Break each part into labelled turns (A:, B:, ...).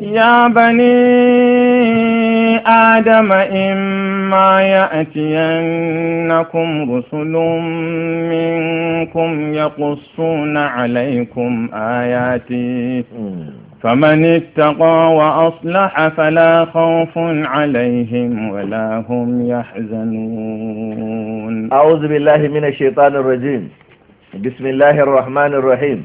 A: يا بني آدم إما يأتينكم رسل منكم يقصون عليكم آياتي فمن اتقى وأصلح فلا خوف عليهم ولا هم
B: يحزنون أعوذ بالله من الشيطان الرجيم بسم الله الرحمن الرحيم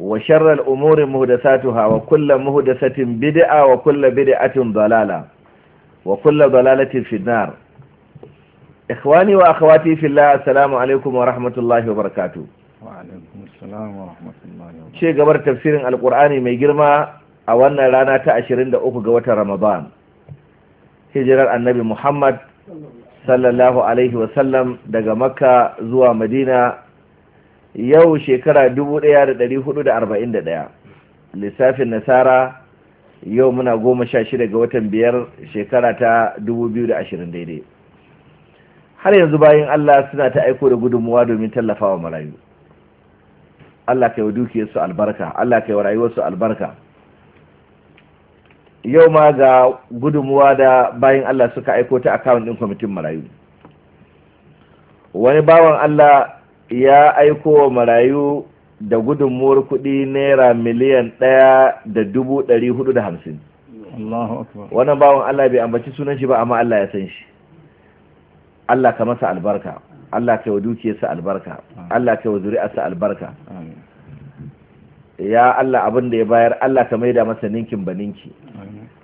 B: wa sharral umuri muhdasatuha wa kulla muhdasatin bid'a wa kulla bid'atin dalala wa kulla dalalatin fi nar ikhwani wa akhawati fillah assalamu alaikum wa rahmatullahi wa barakatuh
C: wa alaikum wa rahmatullahi
B: wa barakatuh gabar tafsirin alqur'ani mai girma a wannan rana ta 23 ga watan ramadan hijirar annabi muhammad daga makka zuwa madina yau shekara 1441 lissafin nasara yau muna goma sha shida ga watan biyar shekara ta 2020 daidai har yanzu bayan Allah suna ta aiko da gudunmuwa domin tallafawa marayu Allah ka yi dukiyarsu albarka Allah ka yi rayuwarsu albarka yau ma ga gudunmuwa da bayan Allah suka aiko ta akawun ɗin kwamitin marayu wani bawan Allah ya aiko wa marayu da gudunmuwar kuɗi naira miliyan ɗaya da dubu ɗari hudu da hamsin wannan bawan Allah bai ambaci sunan shi ba amma Allah ya san shi Allah ka masa albarka Allah ka yi wa dukiyarsa albarka Allah ka yi wa zuri'arsa albarka ya Allah abin da ya bayar Allah ka maida masa ninkin ba ninki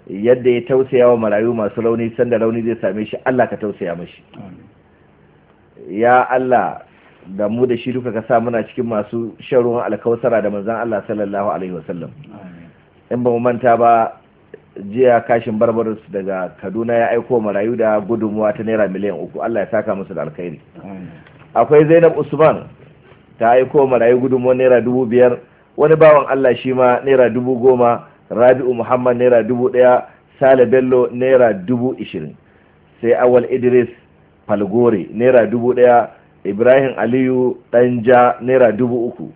B: yadda ya tausaya wa marayu masu rauni sanda rauni zai same shi Allah ka tausaya mashi ya Allah da mu da shi duka ka sa muna cikin masu shan ruwan alkausara da manzan Allah sallallahu alaihi wasallam in ba mu manta ba jiya kashin barbarus daga kaduna ya aiko marayu da gudunmuwa ta naira miliyan uku Allah ya saka musu da alkhairi akwai zainab usman ta aiko marayu gudunmuwa naira dubu biyar wani bawan Allah shi ma naira dubu goma rabi'u muhammad naira dubu ɗaya sale bello naira dubu ishirin sai awal idris falgore naira dubu ɗaya ibrahim aliyu ɗan ja naira dubu uku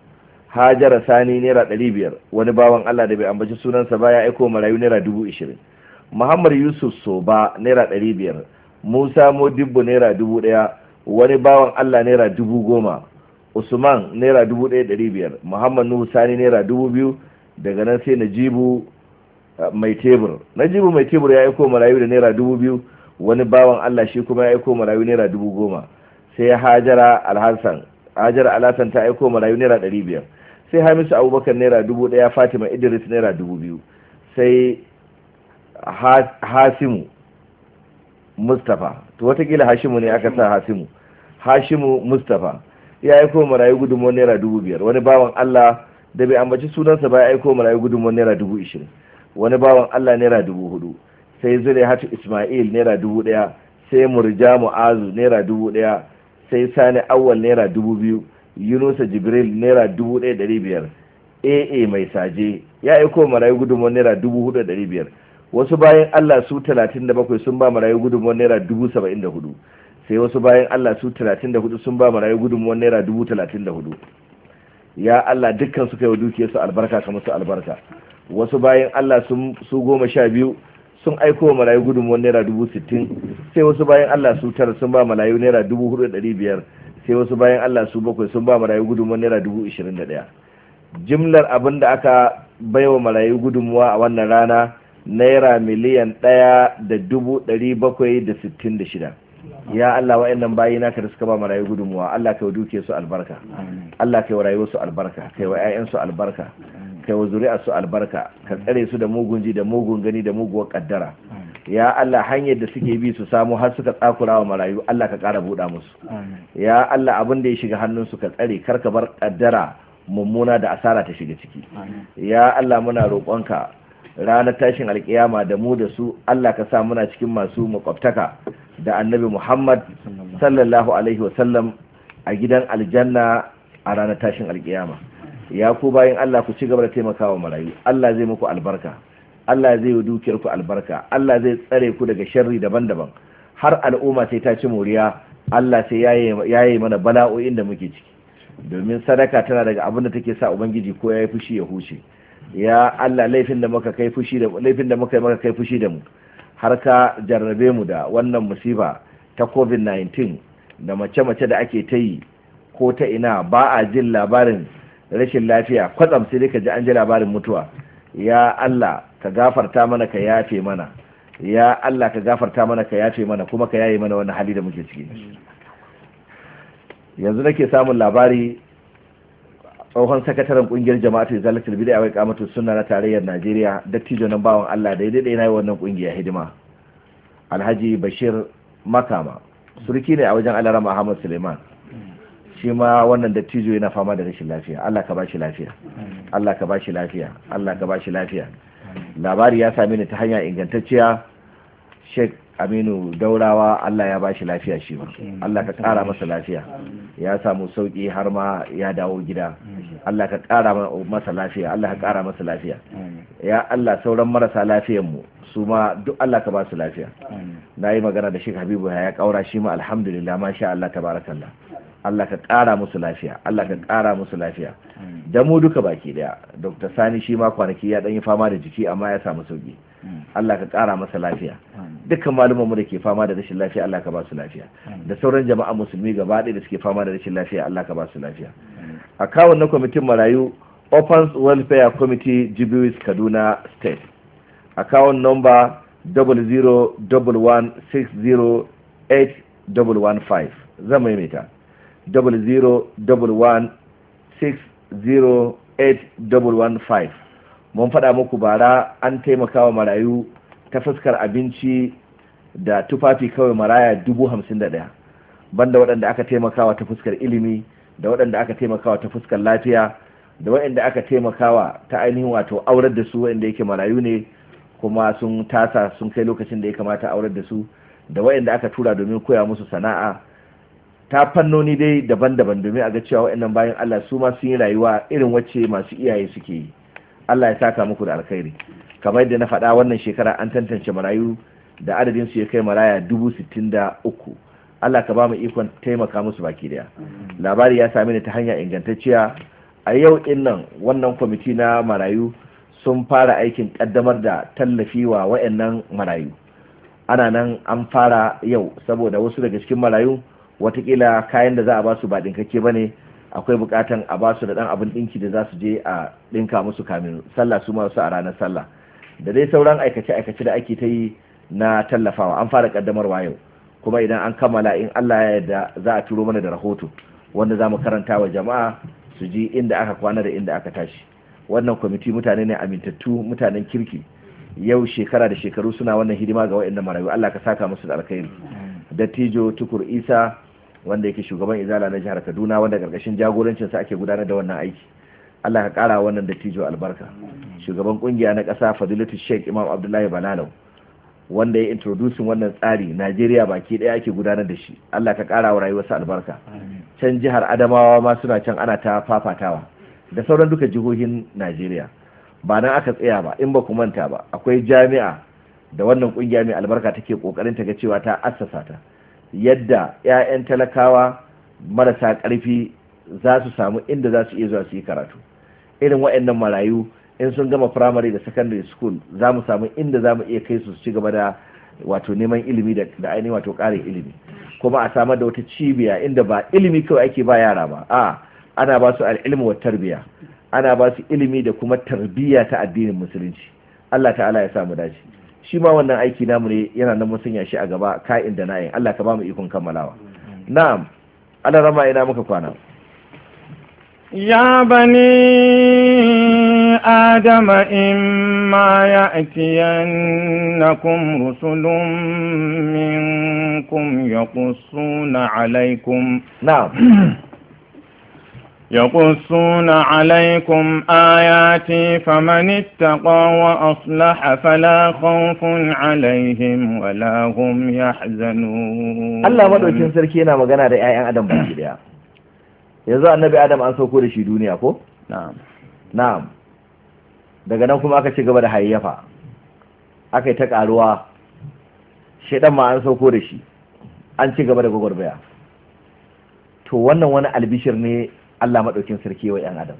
B: hajara sani naira ɗari biyar wani bawan allah da bai ambaci sunansa ba ya aiko marayu naira dubu ishirin muhammad yusuf soba naira ɗari biyar musa modibbo naira dubu ɗaya wani bawan allah naira dubu goma usman naira dubu ɗaya ɗari biyar muhammad nuhu sani naira dubu biyu daga nan sai najibu eh, mai tebur najibu mai tebur ya aiko marayu da naira dubu biyu wani bawan allah shi kuma ya aiko marayu naira dubu goma sai hajara alhassan hajara alhassan ta aiko marayu naira ɗari biyar sai hamisu abubakar naira dubu ɗaya fatima idris naira dubu biyu sai hasimu mustapha to watakila hashimu ne aka sa hasimu hashimu mustapha ya aiko marayu gudunmuwar naira dubu biyar wani bawan allah da bai ambaci sunansa ba ya aiko marayu gudunmuwar naira dubu ishirin wani bawan allah naira dubu hudu sai zule hatu ismail naira dubu ɗaya sai murja mu'azu naira dubu ɗaya sai sani awal naira dubu biyu yunusa jibril naira dubu ɗaya ɗari biyar aa mai saje ya aiko marayu gudunmuwar naira dubu hudu ɗari biyar wasu bayan allah su talatin da bakwai sun ba marayu gudunmuwar naira dubu saba'in da hudu sai wasu bayan allah su talatin da hudu sun ba marayu gudunmuwar naira dubu talatin da hudu ya allah dukkan suka yi wa dukiyarsu albarka kamar su albarka wasu bayan allah su goma sha biyu sun aiko wa malayu gudunmuwar naira dubu sittin sai wasu bayan allah su tara sun ba malayu naira dubu hudu dari biyar sai wasu bayan allah su bakwai sun ba malayu gudunmuwar naira dubu ishirin da daya jimlar abin da aka baiwa malayu gudunmuwa a wannan rana naira miliyan ɗaya da dubu dari bakwai da sittin da shida ya Allah wa'annan bayi naka da suka ba malayu rayu gudunmuwa Allah yi duke su albarka Allah kai wa rayuwar su albarka kai wa 'ya'yan su albarka kai wa su albarka ka tsare su da mugun ji da mugun gani da muguwar kaddara ya Allah hanyar da suke bi su samu har suka tsakura wa marayu Allah ka kara buɗa musu ya Allah abin da ya shiga hannunsu ka tsare kar ka bar kaddara mummuna da asara ta shiga ciki ya Allah muna roƙonka ranar tashin alƙiyama da mu da su Allah ka sa muna cikin masu makwabtaka da annabi Muhammad sallallahu alaihi wasallam a gidan aljanna a ranar tashin alƙiyama. ya ku bayan Allah ku ci gaba da taimakawa marayu Allah zai muku albarka Allah zai yi dukiyar ku albarka Allah zai tsare ku daga sharri daban-daban har al'umma sai ta ci moriya Allah sai ya yi mana bala'o'in da muke ciki domin sadaka tana daga abin da take sa ubangiji ko ya yi fushi ya huce ya Allah laifin da muka kai fushi da laifin da muka yi maka kai fushi da mu har ka jarrabe mu da wannan musiba ta covid-19 da mace-mace da ake ta yi ko ta ina ba a jin labarin rashin lafiya kwatsam sai dai ka ji an ji labarin mutuwa ya Allah ka gafarta mana ka yafe mana ya Allah ka gafarta mana ka yafe mana kuma ka yaye mana wani hali da muke ciki yanzu nake samun labari tsohon sakataren kungiyar jama'atu zalatul bid'a waƙa iqamatus sunna na tarayyar Najeriya dattijo nan bawan Allah da daidai na wannan kungiya hidima Alhaji Bashir Makama surki ne a wajen Alarama Ahmad Suleiman shi ma wannan dattijo yana fama da rashin lafiya Allah ka bashi lafiya Allah ka bashi lafiya Allah ka bashi lafiya labari ya same ni ta hanya ingantacciya Sheikh Aminu Daurawa Allah ya bashi lafiya shi ma Allah ka ƙara masa lafiya ya samu sauki har ma ya dawo gida Allah ka ƙara masa lafiya Allah ka ƙara masa lafiya ya Allah sauran marasa lafiyar mu su ma duk Allah ka ba su lafiya na yi magana da Sheikh Habibu ya ƙaura shi ma alhamdulillah masha Allah tabarakallah Allah ka ƙara musu lafiya Allah ka ƙara musu lafiya da mu duka baki daya Dr. Sani shi ma kwanaki ya yi fama da jiki amma ya samu sauki Allah ka ƙara masa lafiya dukkan mu da ke fama da rashin lafiya Allah ka ba su lafiya da sauran jama'a musulmi gaba ɗaya da suke fama da rashin lafiya Allah ka ba su lafiya a kawon na kwamitin marayu Open Welfare Committee Jibiris Kaduna State account number 0011608115 zan maimaita zero zero one one six eight five mun faɗa muku bara an taimakawa marayu ta fuskar abinci da tufafi kawai maraya dubu hamsin da ɗaya banda waɗanda aka taimakawa ta fuskar ilimi da waɗanda aka taimakawa ta fuskar lafiya da waɗanda aka taimakawa ta ainihin wato aurar da su waɗanda yake marayu ne kuma sun tasa sun kai lokacin da ya kamata aurar da su da waɗanda aka tura domin koya musu sana'a ta fannoni dai daban-daban domin a ga cewa wa'annan bayan Allah su ma sun yi rayuwa irin wacce masu iyaye suke yi Allah ya taka muku da alkhairi kamar yadda na faɗa wannan shekara an tantance marayu da adadin su ya kai maraya dubu sittin da uku Allah ka ba mu ikon taimaka musu baki daya labari ya sami ni ta hanya ingantacciya a yau din wannan kwamiti na marayu sun fara aikin kaddamar da tallafi wa waɗannan marayu ana nan an fara yau saboda wasu daga cikin marayu watakila kayan da za a basu ba ɗinkakke ba ne akwai bukatan a basu da ɗan abin ɗinki da za su je a ɗinka musu kamin sallah su masu a ranar sallah da dai sauran aikace-aikace da ake ta yi na tallafawa an fara ƙaddamarwa yau kuma idan an kammala in allah ya yarda za a turo mana da rahoto wanda za mu karanta wa jama'a su ji inda aka kwana da inda aka tashi wannan kwamiti mutane ne amintattu mutanen kirki yau shekara da shekaru suna wannan hidima ga wa'annan marayu Allah ka saka musu da alkhairi dattijo tukur isa wanda yake shugaban izala na jihar kaduna wanda karkashin sa ake gudanar da wannan aiki allah ka kara wannan dattijo albarka shugaban kungiya na kasa fadilatu sheikh imam abdullahi balalau wanda ya introduce wannan tsari najeriya baki daya ake gudanar da shi allah ka kara wa rayuwarsa albarka can jihar adamawa ma suna can ana ta fafatawa da sauran duka jihohin najeriya ba nan aka tsaya ba in ba ku manta ba akwai jami'a da wannan kungiya mai albarka take kokarin ta ga cewa ta assasa ta yadda 'ya'yan talakawa marasa ƙarfi za su samu inda za su iya zuwa su yi karatu irin waɗannan marayu in sun gama firamare da secondary school za mu samu inda za mu iya kai su ci gaba da wato neman ilimi da ainihin wato ƙarin ilimi kuma a samar da wata cibiya inda ba ilimi kawai ake ba yara ba a ana ba su al'ilmi wa tarbiya ana ba su ilimi da kuma tarbiyya ta addinin musulunci Allah ta'ala ya samu dace shi ma wannan aiki namu ne yana nan mun sanya shi a gaba ka'in da na'in Allah ka ba mu ikon kammalawa na'am Allah rama ina muka kwana
C: ya
A: bani adama imma ya'tiyannakum rusulun minkum yaqussuna alaykum na'am يقصون عليكم آياتي فمن اتقى وأصلح فلا خوف عليهم ولا هم يحزنون الله مدوكين
B: سركي yana magana da 'ya'yan Adam baki daya yanzu annabi Adam an sauko da duniya ko na'am daga nan kuma aka ci gaba da hayyafa aka yi ta karuwa shedan ma an sauko da an ci gaba da to wannan wani albishir ne Allah maɗaukin sarki wa ‘yan Adam.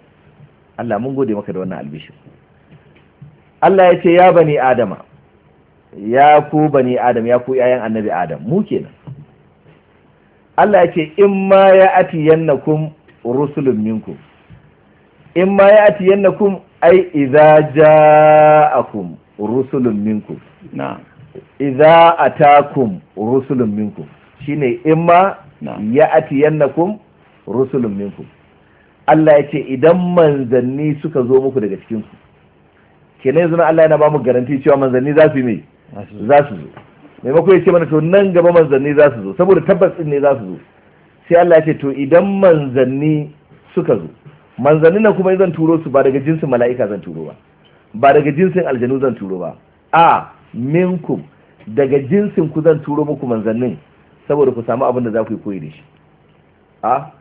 B: Allah mun gode maka da wannan albishir. Allah ya ce, Ya bani Adama, ya ku bani Adam, ya ku ‘ya'yan annabi Adam, mu kenan. Allah ya ce, In ma ya ati yannakum rusulun minku, In ma ya ati yannakum ai, iza ja'akum rusulun minku, Na. Iza atakum rusulun shi ne in ma ya ati yannakum rusulun minku. Allah ya ce idan manzanni suka zo muku daga cikinsu kenan yanzu Allah yana ba mu garanti cewa manzanni za su yi mai za su zo maimako ya ce mana to nan gaba manzanni za su zo saboda tabbas din ne za su zo sai Allah ya ce to idan manzanni suka zo manzanni na kuma zan turo su ba daga jinsin mala'ika zan turo ba ba daga jinsin aljanu zan turo ba a minkum daga jinsin ku zan turo muku manzannin saboda ku samu abin da za ku yi koyi da shi a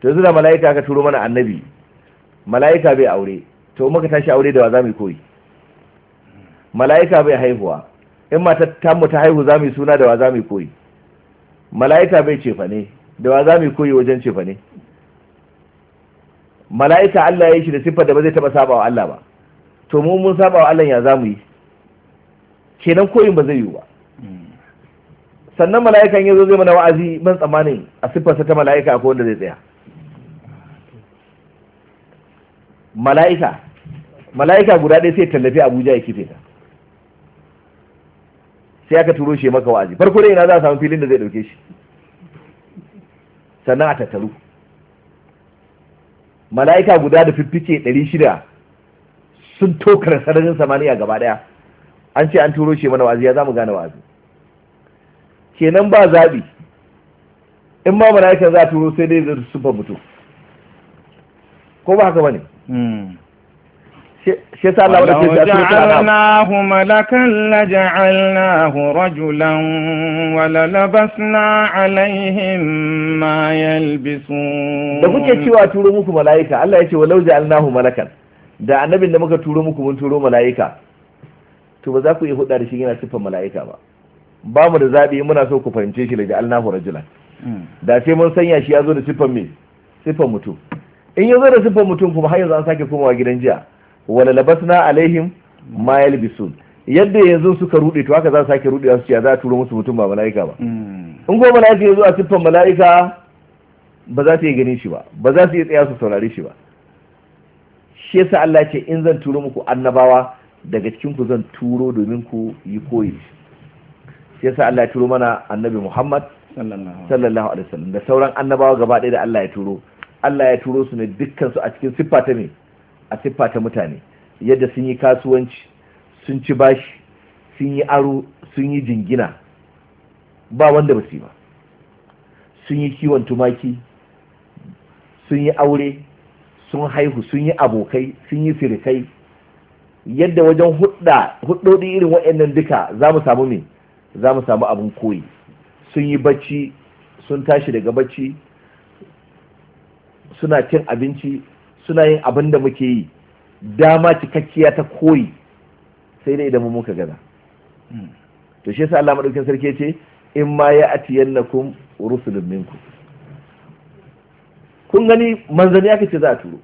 B: to yanzu da mala'ika aka turo mana annabi mala'ika bai aure to muka tashi aure da wa za mu koyi mala'ika bai haihuwa in ta mu ta haihu za mu suna da wa za mu koyi mala'ika bai cefa ne da wa za mu koyi wajen cefa ne mala'ika Allah ya yi shi da siffar da ba zai taba saba wa Allah ba to mu mun saba wa Allah ya za mu yi kenan koyin ba zai yi ba hmm. sannan mala'ikan ya zo zai mana wa'azi ban tsammanin a siffarsa ta mala'ika akwai wanda zai tsaya mala'ika mala'ika guda ɗaya sai tallafi abuja ya kife ta sai aka turo shi maka wa'azi farko dai ina za a samu filin da zai ɗauke shi sannan a tattaru mala'ika guda da fiffice ɗari shida sun tokar sararin samaniya gaba ɗaya an ce an turo shi mana wa'azi ya za mu gane wa'azi kenan ba zaɓi in ma mala'ikan za a turo sai dai zai sufa mutu ko ba haka ba ne da ja'alnahu
A: malakan la da
B: kuke cewa turo muku malaika Allah ya ce wa lauje ja'alnahu malakan da annabin da muka turo muku mun turo malaika to ba za ku yi hudu da shi yana siffar malaika ba ba mu da zaɓi muna so ku fahimce shi daga ja'alnahu rajulan hmm. da sai mun sanya shi ya zo da siffar me siffar mutum in yanzu da siffar mutum kuma har yanzu an sake komawa gidan jiya wala labasna alaihim ma yalbisun yadda yanzu suka rude to haka za su sake rudewa su ya za a turo musu mutum ba mala'ika ba
C: hmm.
B: in ko mala'ika yanzu a siffar mala'ika ba za su iya ganin shi ba ba za su iya tsaya su saurare shi ba shi yasa Allah ce in zan turo muku annabawa daga cikin ku zan turo domin ku yi koyi shi yasa Allah ya turo mana annabi Muhammad sallallahu alaihi wasallam da sauran annabawa gaba ɗaya da Allah ya turo Allah ya turo su ne dukkan a cikin siffa ta ne a siffa ta mutane yadda sun yi kasuwanci sun ci bashi sun yi aro sun yi jingina ba wanda ba su ba sun yi kiwon tumaki sun yi aure sun haihu sun yi abokai sun yi sirikai yadda wajen hudda irin waɗannan duka za mu samu me za mu samu abin koyi sun yi bacci sun tashi daga bacci suna cin abinci suna yin abin da muke yi dama cikakkiya ta koyi sai dai idan muka gaza hmm. to shi yasa Allah madaukakin sarki ce in ma ya atiyannakum rusulun minkum kun gani manzanni aka ce za a turo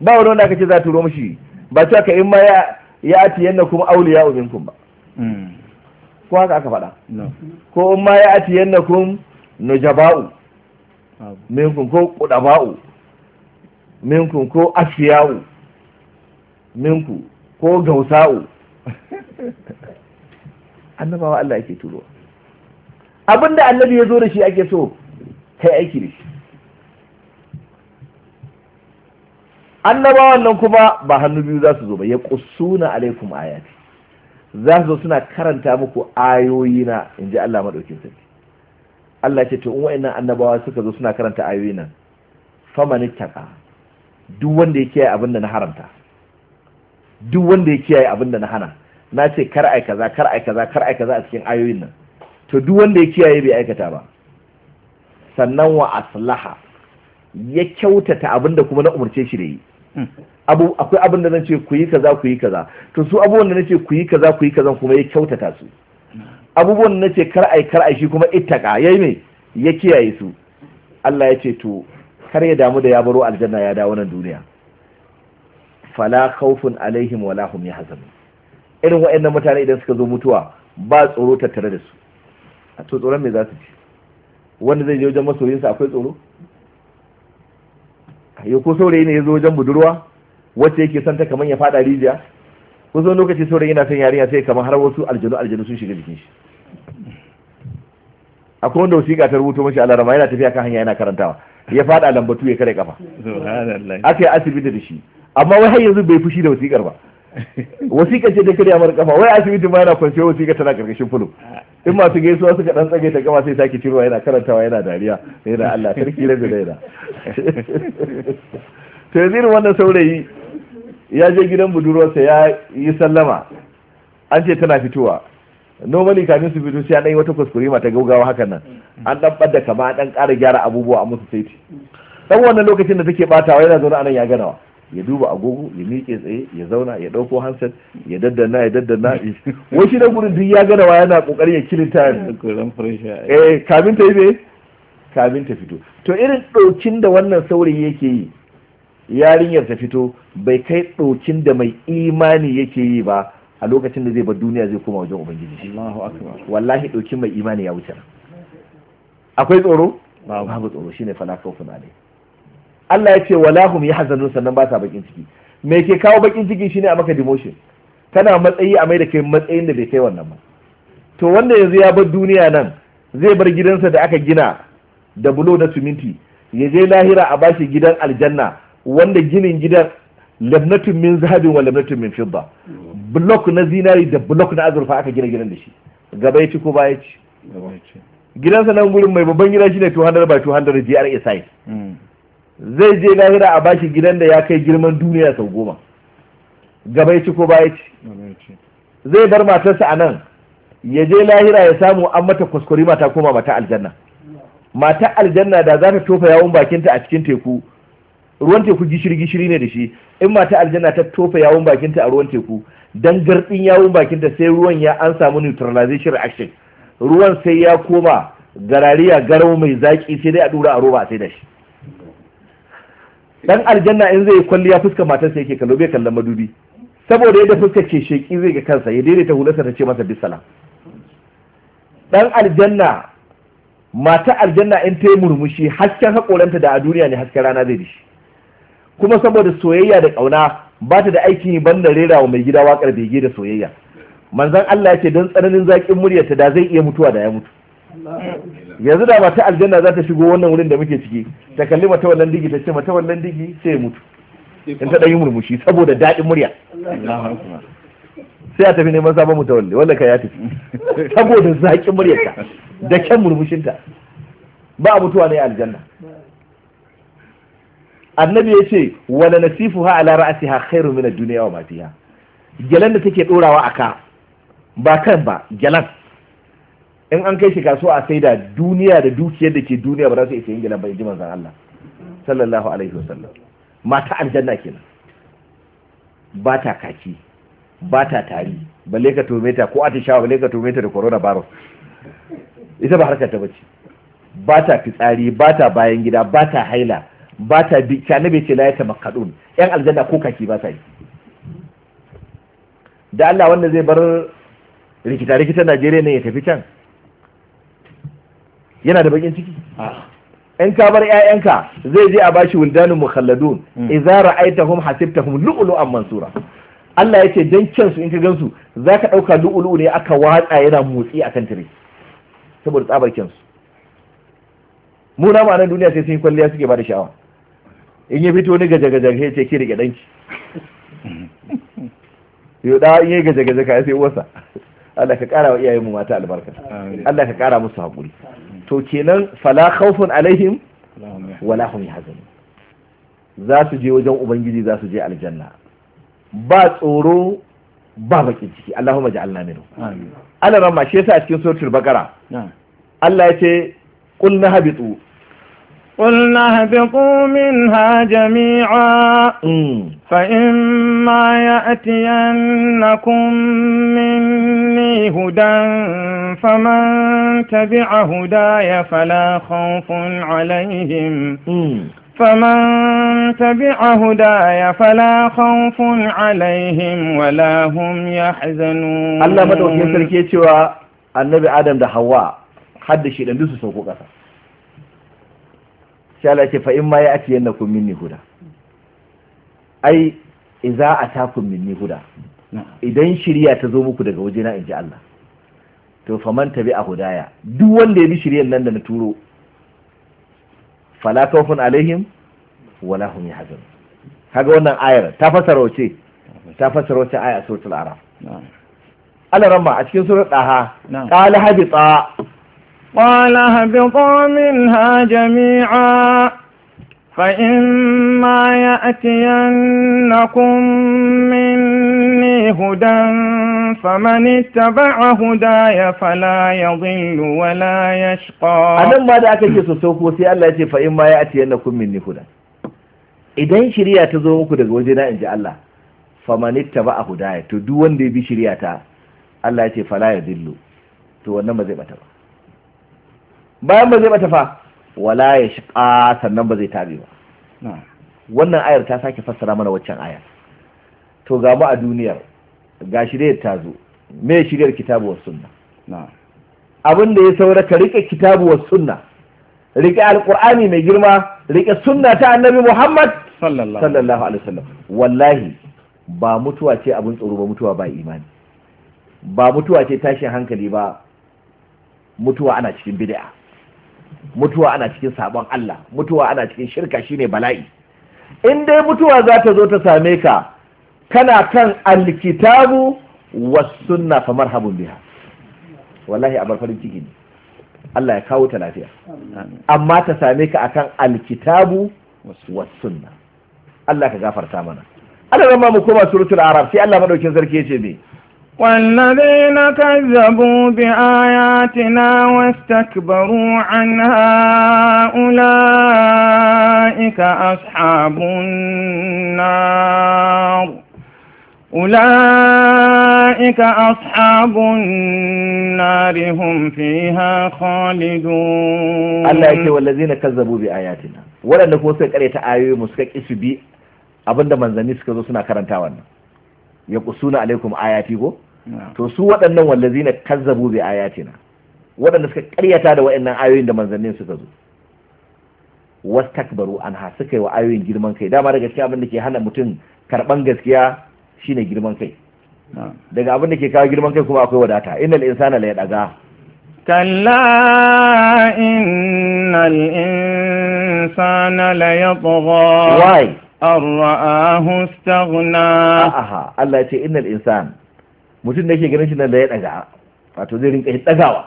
B: ba wani wanda aka ce za a turo mushi ba cewa ka in ma ya ya atiyannakum awliya minkum ba hmm. ko haka aka faɗa ko in ma ya atiyannakum nujaba'u minkum ko kudaba'u minkum ko afiya'u minku ko gausa'u annabawa Allah ake turo abinda annabi ya zo da shi ake so kai aiki da shi annabawan nan kuma ba hannu biyu za su zo ba ya kusuna alaikum ayati za su zo suna karanta muku ayoyi na in ji Allah maɗaukin sarki Allah ce to in wa'annan annabawa suka zo suna karanta ayoyi nan faman taka duk wanda ya kiyaye abin da na haramta duk wanda ya kiyaye abin da na hana na ce kar ai kaza kar ai kaza kar ai kaza a cikin ayoyin nan to duk wanda ya kiyaye bai aikata ba sannan wa aslaha ya kyautata abin da kuma na umarce shi da yi hmm. abu akwai abin da zan ce ku yi kaza ku yi kaza to su abubuwan da nace ku yi kaza ku yi kaza kuma ya kyautata su abubuwan na ce kar ai kar ai shi kuma ittaka yayi me ya kiyaye su Allah ya ce to kar ya damu da ya baro aljanna ya dawo nan duniya fala khawfun alaihim wala hum yahzanun irin waɗannan mutane idan suka zo mutuwa ba tsoro tattare da su a to tsoron me za su ci wanda zai je wajen masoyinsa akwai tsoro ya ko saurayi ne ya zo wajen budurwa wacce yake santa kamar ya fada rijiya ko zo lokaci saurayi yana son yarinya sai kamar har wasu aljanu aljanu sun shiga jikin shi akwai wanda wasiƙa ta rubuto mashi alarama yana tafiya kan hanya yana karantawa ya fada lambatu ya kare kafa aka yi asibiti da shi amma wai har yanzu bai fushi da wasiƙar ba wasiƙar ce ta karya mara kafa wai asibiti ma yana kwanciya wasiƙa tana karkashin fulo in masu gaisuwa suka dan tsage ta gama sai sake ciro yana karantawa yana dariya yana Allah sarki rabi da yana to yanzu wannan saurayi ya je gidan budurwarsa ya yi sallama an ce tana fitowa normally kafin su fito sai an yi wata kuskure mata gaugawa hakan nan an dan bada kama an dan ƙara gyara abubuwa a musu ti dan wannan lokacin da take batawa yana zaune anan ya ganawa ya duba agogo ya miƙe tsaye ya zauna ya ɗauko handset ya daddana ya daddana wai shi da gurin duk ya ganawa yana ƙoƙarin ya kilin ta eh kafin ta yi me kafin ta fito to irin ɗokin da wannan saurayi yake yi yarinyar ta fito bai kai ɗokin da mai imani yake yi ba a lokacin da zai bar duniya zai koma wajen ubangiji wallahi ɗauki mai imani ya wuce akwai tsoro babu tsoro shine fala na ne. Allah ya ce wala hum yahzanun sannan ba sa bakin ciki me ke kawo bakin ciki shine a maka demotion kana matsayi a mai da kai matsayin da bai kai wannan ba to wanda yanzu ya bar duniya nan zai bar gidansa da aka gina da bulo na suminti ya je lahira a bashi gidan aljanna wanda ginin gidan lamnatun min zahabin wa lamnatun min fidda blok na zinari da blok na azurfa aka gina gidan da shi gaba ya ci ko baya ci gidansa nan gurin mai babban gida shine 200 by 200 GRA size hmm. zai je lahira a bashi gidan da ya kai girman duniya sau goma gaba ya ci ko baya
C: ci
B: zai bar matarsa a nan ya je lahira ya samu an mata kuskure mata koma mata aljanna mata aljanna da za ta tofa yawon bakinta a cikin teku ruwan teku gishiri gishiri ne da shi in mata aljanna ta tofa yawon bakinta a ruwan teku dan garɗin yawon bakin ta sai ruwan ya an samu neutralization reaction ruwan sai ya koma garariya garau mai zaki sai dai a dura a roba sai da shi dan aljanna in zai kwalliya fuska matar sai yake kallo bai kallon madubi saboda yadda fuska ce sheki zai ga kansa ya daidaita hulasa ta ce masa bisala. dan aljanna mata aljanna in ta yi murmushi hasken haƙoranta da a duniya ne hasken rana zai dishi kuma saboda soyayya da ƙauna ba ta da aikin ban da rera wa mai gida waƙar bege da soyayya manzan Allah ya ce don tsananin zaƙin muryarta da zai iya mutuwa da ya mutu yanzu da mata aljanna za ta shigo wannan wurin da muke ciki ta kalli mata wannan digi ta ce mata wannan digi sai ya mutu in ta ɗan yi murmushi saboda daɗin murya sai a tafi neman sabon mutawalli wanda ka ya tafi saboda zaƙin muryarta da kyan murmushinta ba a mutuwa ne aljanna annabi ya ce wani nasifu ha ala ha khairu mina duniya wa ma gyalan da take dorawa a ka ba kan ba gyalan in an kai shi kasuwa a da duniya da dukiyar da ke duniya ba za su isa yin gyalan ba in ji manzan Allah sallallahu alaihi wasallam mata aljanna kenan ba ta kaki ba ta tari balle ka tome ta ko atishawa balle ka tome ta da coronavirus ita ba harkar ta bace ba ta fitsari ba ta bayan gida ba ta haila ba ta bi kana bai ce la ya makadun yan aljanna ko kaki ba ta yi da Allah wanda zai bar rikita rikita Najeriya ne ya tafi can yana da bakin ciki in ka bar ƴaƴanka zai je a bashi wildanun mukhalladun hmm. idza ra'aytahum hasibtahum lu'lu'an mansura Allah ya ce dan kyansu in ka gansu zaka dauka lu'lu'u ne aka watsa yana motsi akan tire saboda tsabar kyansu mu na ma'anar duniya sai sun yi kwalliya suke ba da sha'awa in ya fito ni gaje-gaje ya ce ki rike danki yau da in yi gaje-gaje ka sai uwarsa Allah ka kara wa iyayen mu mata albarka Allah ka kara musu haƙuri to kenan fala khawfun alaihim wala hum yahzanun za su je wajen ubangiji za su je aljanna ba tsoro ba bakin ciki Allahumma ja'alna minhu amin Allah ramma shi yasa a cikin suratul baqara Allah ya ce qul nahbitu قلنا
A: اهبطوا منها جميعا فإما يأتينكم مني هدى فمن تبع هداي فلا خوف عليهم فمن تبع هداي فلا خوف عليهم ولا هم يحزنون الله مدعو يسر
B: كيتوا النبي آدم ده حواء حد شيء لن يسوسوا قصة sai Allah ce fa in ma ya yanna kun minni huda ai ta kun minni huda idan shiriya ta zo muku daga wajena inji Allah to fa man tabi a hudaya duk wanda ya bi shiryan nan da na turo fala khawfun alaihim wala hum yahzan kaga wannan ayar ta fasara wace ta fasara wace aya suratul araf Allah ramma a cikin suratul daha qala habita قال هبطوا
A: منها جميعا فإما يأتينكم مني هدى فمن اتبع هداي فلا يضل ولا يشقى أنا ما
B: دعك يسوع سوكو سي الله يتي فإما يأتينكم مني هدى idan shirya ta zo muku daga wajena in ji Allah faman ittaba hudaya to duk wanda ya bi shirya ta Allah ya ce fala ya dillu to wannan ba zai bata ba bayan ba zai bata fa wala ya shiqa sannan ba zai tabi ba wannan ayar ta sake fassara mana waccan ayar to ga mu a duniyar ga shiryar ta zo me shiryar kitabu wasu sunna abin da ya saura ka rike kitabu wasu sunna rike alqur'ani mai girma rike sunna ta annabi muhammad sallallahu alaihi wasallam wallahi ba mutuwa ce abin tsoro ba mutuwa ba imani ba mutuwa ce tashin hankali ba mutuwa ana cikin bid'a mutuwa ana cikin sabon Allah mutuwa ana cikin shirka shine bala'i in dai mutuwa za ta zo ta same ka kana kan alkitabu was sunna fa marhabun biha wallahi abar farin ciki ne Allah ya kawo ta lafiya amma ta same ka akan alkitabu was sunna Allah ka gafarta mana Allah zama mu koma suratul arab sai Allah madaukin sarki yace me
A: والذين كذبوا بآياتنا واستكبروا عنها أولئك أصحاب النار أولئك أصحاب النار هم فيها خالدون
B: الله يكي والذين كذبوا بآياتنا ولا نكون سيكريت آيوي مسكك إسو بي أبدا من ذنبي سكزو سنة كرنتاوانا يقصون عليكم آياتي ayati to su waɗannan zina kazzabu bi ayatina waɗanda suka ƙaryata da waɗannan ayoyin da manzannin suka zo wastakbaru anha suka yi wa ayoyin girman kai dama daga cikin abin da ke hana mutum karɓan gaskiya shine girman kai daga abin da ke kawo girman kai kuma akwai wadata innal insana la yadaga
A: kalla innal insana la yatgha why
B: ra'ahu istaghna aha Allah ya ce innal insana mutum da ke ganin shi nan da ya daga wato zai rinka dagawa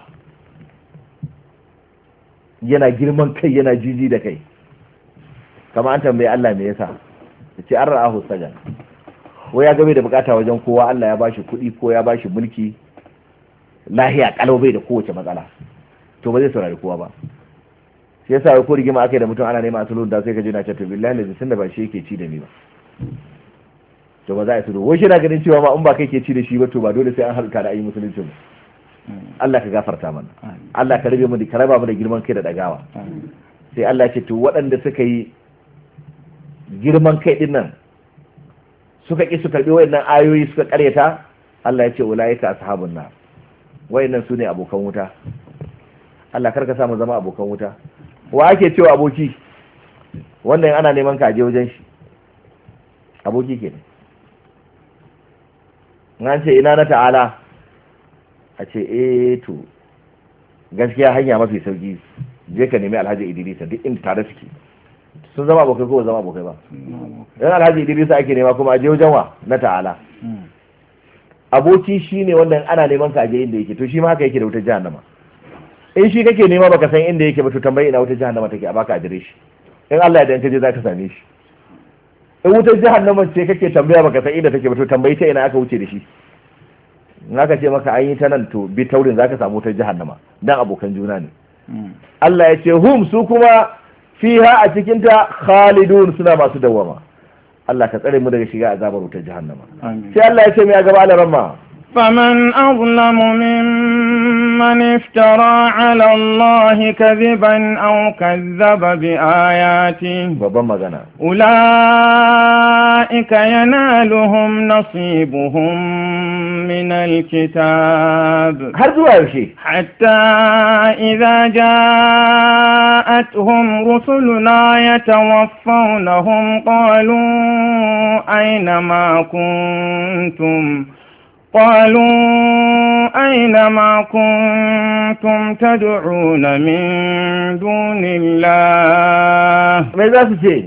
B: yana girman kai yana jiji da kai kama an tambayi Allah me yasa ya ce an ra'ahu sajan ko ya game da bukata wajen kowa Allah ya bashi kuɗi ko ya bashi mulki lahiya kalau bai da kowace matsala to ba zai saurari kowa ba sai yasa ko rigima akai da mutum ana neman asulun da sai ka je na ce to billahi sun da ba shi yake ci da ni ba to ba za a tudo wai na ganin cewa ma in ba kai ke ci da shi ba to ba dole sai an halka da ayi musulunci mu mm. Allah ka gafarta mana Allah ka rabe mu da ka raba mu da girman kai da dagawa sai Allah ya ce to waɗanda suka yi girman kai din nan suka ki su karbi wayannan ayoyi suka karyata Allah ya ce ulaika ashabun nar wayannan sune abokan wuta Allah karka sa mu zama abokan wuta wa ake cewa aboki wannan ana neman ka je wajen shi aboki kenan an ce ina na ta'ala a ce e to gaskiya hanya mafi sauki je ka nemi alhaji idrisa duk inda tare suke sun zama abokai ko zama abokai ba yan alhaji idrisa ake nema kuma aje wajen wa na ta'ala hmm. aboki shi ne wanda ana neman ka aje inda yake to shi ma haka yake da wutar nama in shi kake nema baka san inda yake ba to tambayi ina wutar nama take a baka adireshi in Allah ya dan za ka same shi in wutar jahannama ce kake tambaya baka san inda take ba to tambayi ta ina aka wuce da shi in aka ce maka an yi ta nan to bi taurin zaka samu wutar jahannama dan abokan juna ne hmm. Allah ya ce hum su kuma fiha a cikin ta khalidun suna masu dawwama Allah ka tsare mu daga shiga azabar wutar jahannama sai Allah ya ce mai a gaba alaramma
A: فمن أظلم ممن افترى على الله كذبا أو كذب بآياته أولئك ينالهم نصيبهم من الكتاب حتى إذا جاءتهم رسلنا يتوفونهم قالوا أين ما كنتم قالوا أين ما كنتم تدعون من دون الله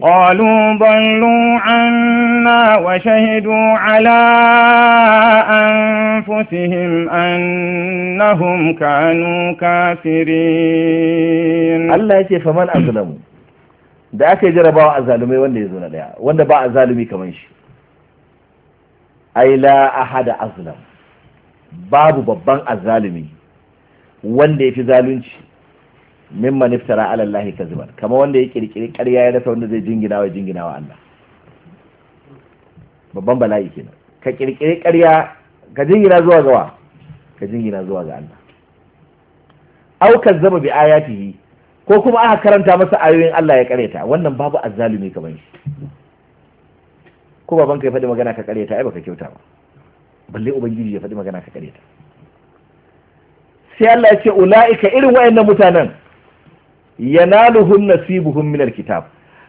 A: قالوا ضلوا عنا وشهدوا على أنفسهم
B: أنهم كانوا كافرين الله يتي فمن أظلم da aka yi jarabawa a zalumai wanda ya zo na daya wanda ba a zalumi kamar shi ai la ahada azlam babu babban azalimi wanda yafi zalunci mimma niftara ala Allah kaziban kama wanda ya kirkiri ƙarya ya rasa wanda zai jingina wa jingina wa Allah babban bala'i kenan ka kirkiri ƙarya ka jingina zuwa ga wa ka jingina zuwa ga Allah au kazzaba bi ayatihi ko kuma aka karanta masa ayoyin Allah ya kareta wannan babu azalimi kaman shi ko babanka ya faɗi magana ka kareta ai baka kyauta ba balle ubangiji ya faɗi magana ka kareta sai Allah ya ce ula'ika irin wayannan mutanen yanaluhum nasibuhum min alkitab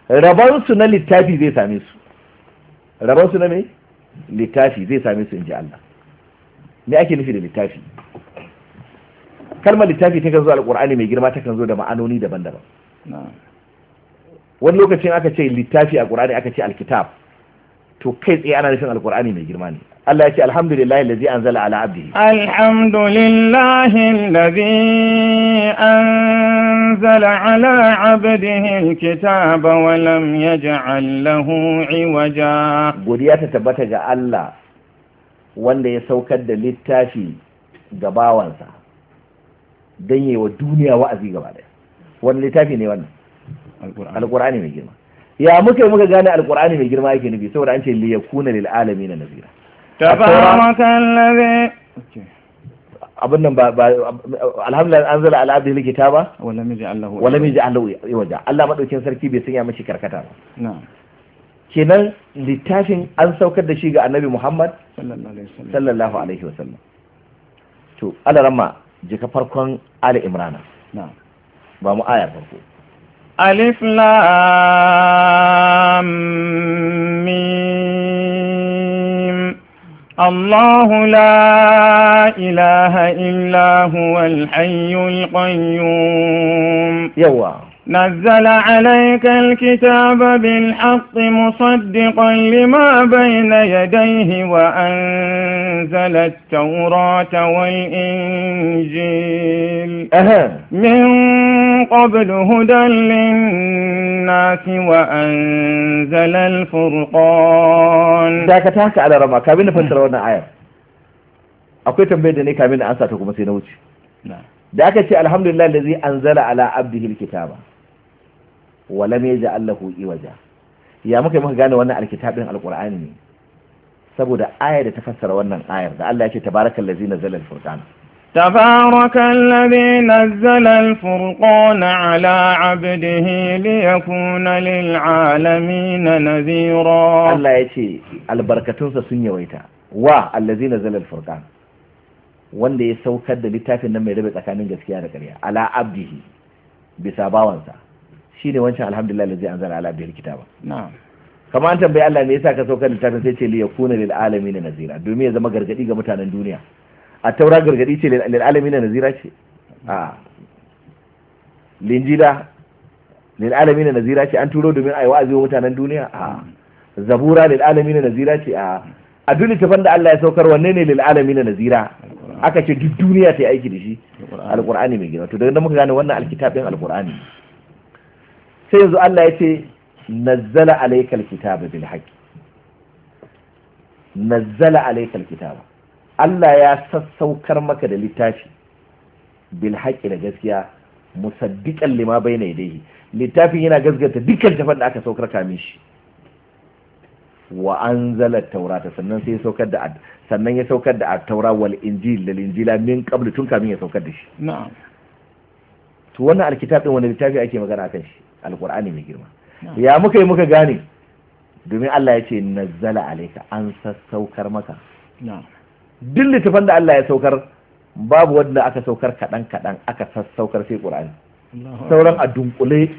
B: raban su na littafi zai same su raban su na me littafi zai same su inji Allah me ake nufi da littafi kalmar littafi ta kan zo alqur'ani mai girma ta kan zo da ma'anoni daban-daban wani lokacin aka ce littafi a qur'ani aka ce alkitab to kai tsaye ana nufin alkur'ani mai girma ne Allah ya ce alhamdulillahi allazi anzala ala abdi
A: alhamdulillahi allazi anzala ala abdihi alkitaba wa lam yaj'al lahu iwaja
B: godiya ta tabbata ga Allah wanda ya saukar da littafi ga bawansa don yi wa duniya wa'azi gaba daya wani littafi ne wannan alkur'ani mai girma ya muka muka gane alqur'ani mai girma yake nabi saboda an ce li yakuna lil alamin nazira
C: tabarakal
B: allazi abin nan ba alhamdulillah an zala ala abdil kitaba wala miji allahu wala miji allahu Allah madaukin sarki bai sanya mashi karkata ba kenan littafin an saukar da shi ga annabi Muhammad sallallahu alaihi wasallam to alaramma jika farkon ali imrana ba mu ayar farko ألف
A: لام ميم الله لا إله إلا هو الحي القيوم يوه نزل عليك الكتاب بالحق مصدقا لما بين يديه وأنزل التوراة والإنجيل من قبل هدى للناس وأنزل الفرقان
B: ذاك تاك على رما كابين فسرونا آية أقول تنبيه دني كابين أنساتكم سينوش da aka ce alhamdulillah da zai anzala ala abdihi alkitaba wala me ja allahu iwaja ya muka muka gane wannan alkitabin alqur'ani ne saboda aya da ta fassara wannan ayar da Allah yake tabarakal ladzi nazala alfurqan
A: tabarakal ladzi nazala alfurqan ala abdihi liyakuna lilalamin nadhira
B: Allah yake albarkatun sa sun yawaita wa allazi nazala alfurqan wanda ya saukar da littafin nan mai rabe tsakanin gaskiya da ƙarya ala abdihi bisa bawansa ne wancan alhamdulillah da zai anzala ala bihil kitaba kama an tambayi Allah me yasa ka da littafin sai ce kuna lil na nazira domin ya zama gargadi ga mutanen duniya a taura gargadi ce lil na nazira ce a Linjida lil na nazira ce an turo domin ayi wa'azi wa mutanen duniya a zabura lil na nazira ce a a duni tafan da Allah ya saukar wanne ne lil na nazira aka ce duk duniya ta yi aiki da shi alkur'ani mai gina to da muka gane wannan alkitabin alkur'ani sai yanzu Allah ya ce nazzala alaykal kitaba bil haqqi nazzala alaykal kitaba Allah ya sassaukar maka da littafi bil haqqi da gaskiya musaddiqan lima bayna yadayhi littafin yana gaskata dukkan tafan da aka saukar kamin shi wa anzala taurata sannan sai ya saukar da sannan ya saukar da taura wal injil lil injila min qabl tun kamin ya saukar da shi na'am to wannan alkitabin din wani littafi ake magana kan shi alkur'ani mai girma ya muka yi muka gane domin Allah ya ce nazzala alaika an sassaukar maka duk littafan da Allah ya saukar babu wanda aka saukar kaɗan kaɗan aka sassaukar sai ƙur'ani sauran a dunkule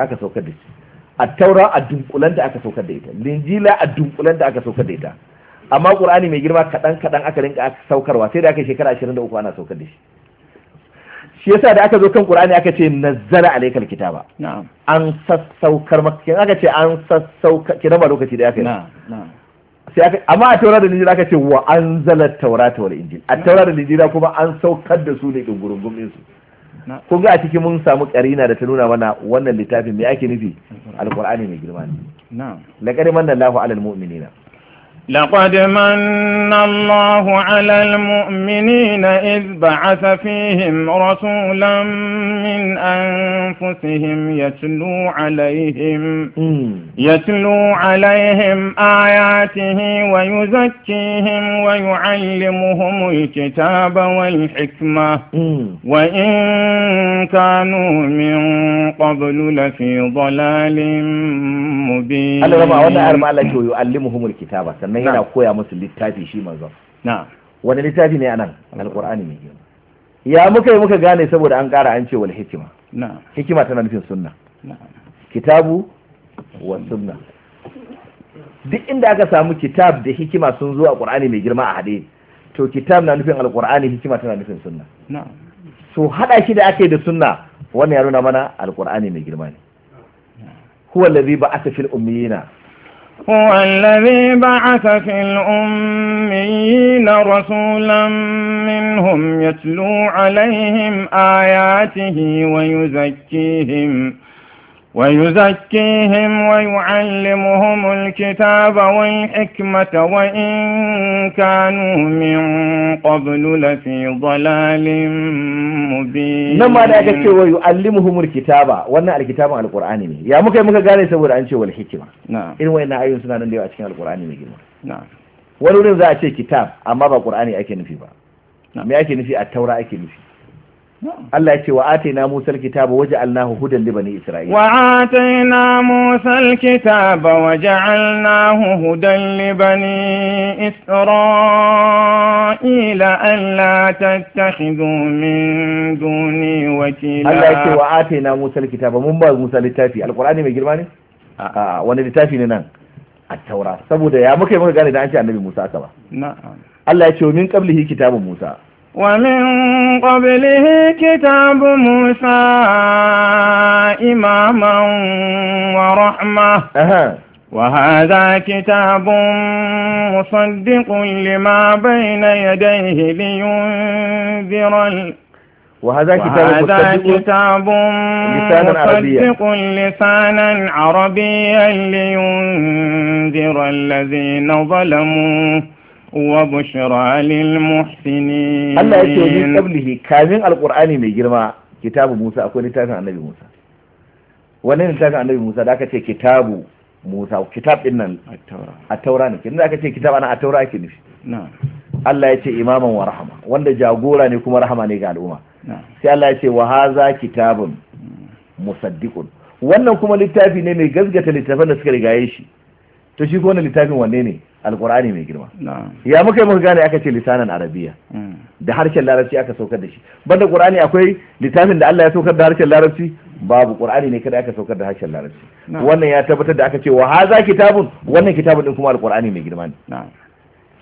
B: aka saukar da shi a taura a da aka saukar da ita linjila a da aka saukar da ita amma ƙur'ani mai girma kaɗan kaɗan aka rinka saukarwa sai da aka shekara ashirin da uku ana saukar da shi shi yasa da aka zo kan qur'ani aka ce nazzala alaykal kitaba na'am an sassaukar maka kin aka ce an sassauka kina ba lokaci da aka yi sai aka amma a taurari da injila aka ce wa anzalat taurata wal injil a taurari da injila kuma an saukar da su ne dungurungun din
C: su
B: kun ga a cikin mun samu karina da ta nuna mana wannan littafin me ake nufi alqur'ani mai girma
C: ne na'am
B: laqad manna Allahu alal mu'minina
A: لقد من الله على المؤمنين إذ بعث فيهم رسولا من أنفسهم يتلو عليهم يتلو عليهم آياته ويزكيهم ويعلمهم الكتاب والحكمة وإن كانوا من
B: قبل لفي ضلال مبين. الله يعلمهم الكتاب sannan yana koya musu littafi shi manzon wani littafi ne anan alqur'ani mai girma ya muka yi muka gane saboda an ƙara an ce wal hikima hikima tana nufin sunna kitabu wa sunna duk inda aka samu kitab da hikima sun zo a qur'ani mai girma a haɗe to kitab na nufin alqur'ani hikima tana nufin sunna so haɗa shi da aka yi da sunna wannan ya nuna mana alqur'ani mai girma ne huwa allazi ba'atha fil ummiyina هو الذي
A: بعث في الأمين رسولا منهم يتلو عليهم آياته ويزكيهم ويزكيهم ويعلمهم الكتاب والحكمة وإن كانوا من قبل لفي ضلال مبين نما لا يكتب
B: ويعلمهم الكتاب وانا الكتاب على القرآن مي يا مكا مكا قال يسور أنشي والحكمة نعم إن وإن أيون سنة نديو أشكين القرآن مي نعم ولو نزا أشي كتاب أما با قرآني أكي نفي با نعم أكي نفي التوراة أكي نفي Allah ya ce wa atayna Musa alkitaba waja'alnahu hudan li bani Isra'il wa atayna Musa alkitaba waja'alnahu
A: hudan li bani Isra'il alla
B: tattakhidhu min duni wakila Allah ya ce wa atayna Musa alkitaba mun ba Musa littafi alqur'ani mai girma ne a wani littafi ne nan at-taura saboda ya muka yi muka gane da an ce annabi Musa aka ba na'am Allah ya ce min qablihi kitabu Musa
A: ومن قبله كتاب موسى إماما ورحمة وهذا كتاب مصدق لما بين يديه لينذر وهذا كتاب وهذا كتاب مصدق لسانا عربيا لينذر الذين ظلموا وبشرى للمحسنين الله يتوى من قبله
B: كامل القرآن من كتاب موسى أكون لتافع النبي موسى ونين لتافع النبي موسى ذاك كتاب موسى كتاب إن التوراة نكي ذاك كتاب أنا التوراة كنفي نعم Allah ya ce imaman wa rahama wanda jagora ne kuma rahama ne ga al'umma sai Allah ya ce wa haza kitabun musaddiqun wannan kuma littafi ne mai gasgata littafin da suka rigaye shi to shi ko wannan littafin wanne ne alqur'ani mai girma ya muka yi muka gane aka ce lisanan arabiya hmm. da harshen larabci aka saukar da shi banda qur'ani akwai littafin da Allah ya saukar da harshen larabci babu qur'ani ne kada aka saukar da harshen larabci wannan ya tabbatar da aka ce wa haza kitabun wannan kitabun din kuma alqur'ani mai girma ne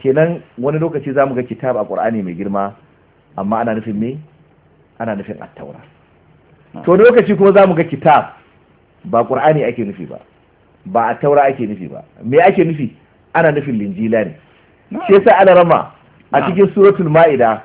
B: kenan wani lokaci zamu ga kitab a mai girma amma ana nufin me ana nufin at-taura to lokaci kuma zamu ga kitab ba qur'ani ake nufi ba ba a taura ake nufi ba me ake nufi ana nufin linjila ne shi yasa ana rama a cikin suratul ma'ida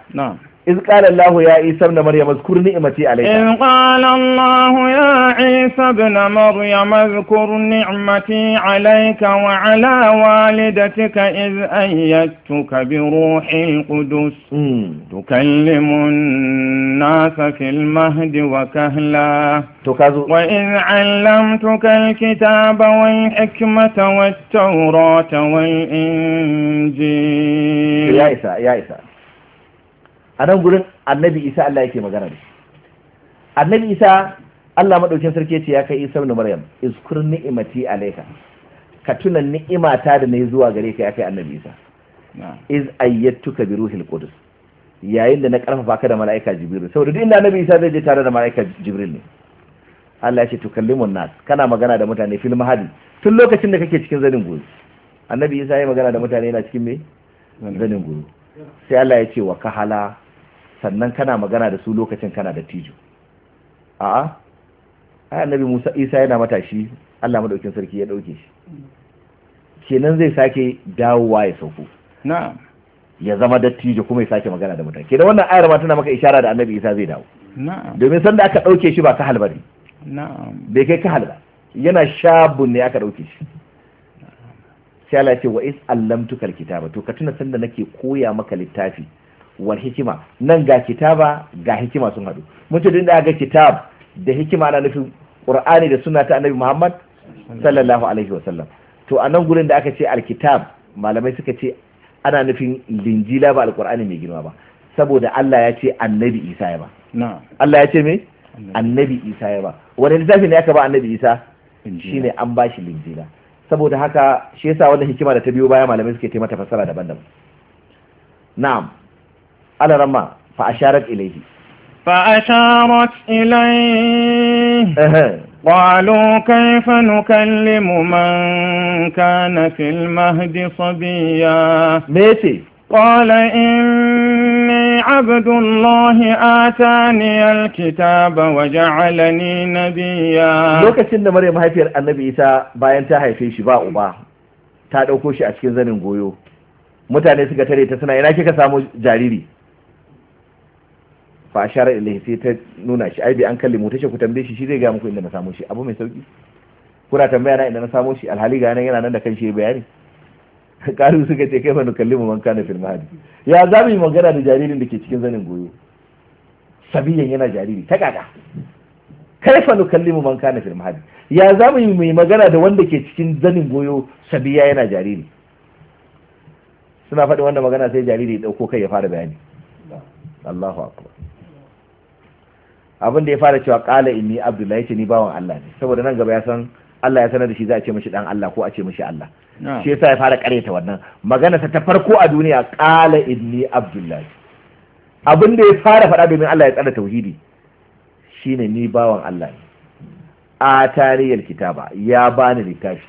B: إذ قال الله يا عيسى ابن مريم اذكر نعمتي عليك إذ
A: قال الله يا عيسى ابن مريم اذكر نعمتي عليك وعلى والدتك إذ أيدتك بروح القدس مم. تكلم الناس في المهد وكهلا تكازو. وإذ علمتك الكتاب والحكمة والتوراة
B: والإنجيل يا عيسى يا عيسى a nan gurin annabi isa Allah yake magana da shi annabi isa Allah madaukin sarki ce ya kai isa ibn maryam Iskur ni'imati alayka ka tuna ni'imata da nayi zuwa gare ka ya kai annabi isa iz ayyatuka bi ruhil qudus yayin da na karfafa ka da mala'ika jibril saboda duk inda annabi isa zai je tare da mala'ika jibril ne Allah ya ce tukallimun nas kana magana da mutane fil mahadi tun lokacin da kake cikin zanin guru annabi isa ya magana da mutane yana cikin me zanin guru sai Allah ya ce wa kahala sannan kana magana da su lokacin kana da tijo a'a ai annabi Musa Isa yana matashi Allah madaukin sarki ya dauke shi kenan zai sake dawowa ya sauko na'am ya zama dattijo kuma ya sake magana da mutane kenan wannan ayar ma tana maka ishara da annabi Isa zai dawo na'am domin sanda aka dauke shi ba ka halba ne na'am bai kai ka halba yana shabun ne aka dauke shi sai Allah ya ce wa is allamtuka kitaba to ka tuna sanda nake koya maka littafi wal hikima nan ga kitaba ga hikima sun hadu mun din da ga kitab da hikima ana nufin qur'ani da sunna ta annabi muhammad sallallahu alaihi wa sallam to a nan gurin da aka ce alkitab malamai suka ce ana nufin linjila ba alqur'ani mai girma ba saboda Allah ya ce annabi Isa ya ba Allah ya ce me annabi Isa ya ba wani littafi ne aka ba annabi Isa shine an ba shi linjila saboda haka shi yasa wannan hikima da ta biyo baya malamai suke taimata fassara daban-daban na'am ala ramma fa asharat ilayhi
A: fa asharat ilayhi قالوا كيف نكلم من كان في المهد صبيا ميتي قال إني عبد الله آتاني الكتاب وجعلني نبيا
B: lokacin da Maryam mahaifiyar Annabi ita bayan ta haife shi ba uba ta ɗauko shi a cikin zanin goyo mutane suka tare ta suna ina kika samu jariri fa ashara ilayhi sai ta nuna shi ai bai an kallimu tace ku tambaye shi shi zai ga muku inda na samu shi abu mai sauki kuna tambaya na inda na samu shi alhali ga nan yana nan da kanshi bayani karu suka ce kai banu kallimu man kana fil mahdi ya za mu yi magana da jaririn da ke cikin zanin goyo sabiyan yana jariri ta kaka kai fa nukallimu man kana fil mahdi ya za mu yi magana da wanda ke cikin zanin goyo sabiya yana jariri suna faɗi wanda magana sai jariri ya ɗauko kai ya fara bayani Allahu akbar abin da ya fara cewa kala inni abdullahi ce ni bawan Allah ne saboda nan gaba ya san Allah ya sanar da shi za a ce mishi dan Allah ko a ce mishi Allah shi yasa ya fara kareta wannan magana ta ta farko a duniya kala inni abdullahi abin da ya fara faɗa domin Allah ya tsara tauhidi shine ni bawan Allah ne a tarihiyar kitaba ya bani littafi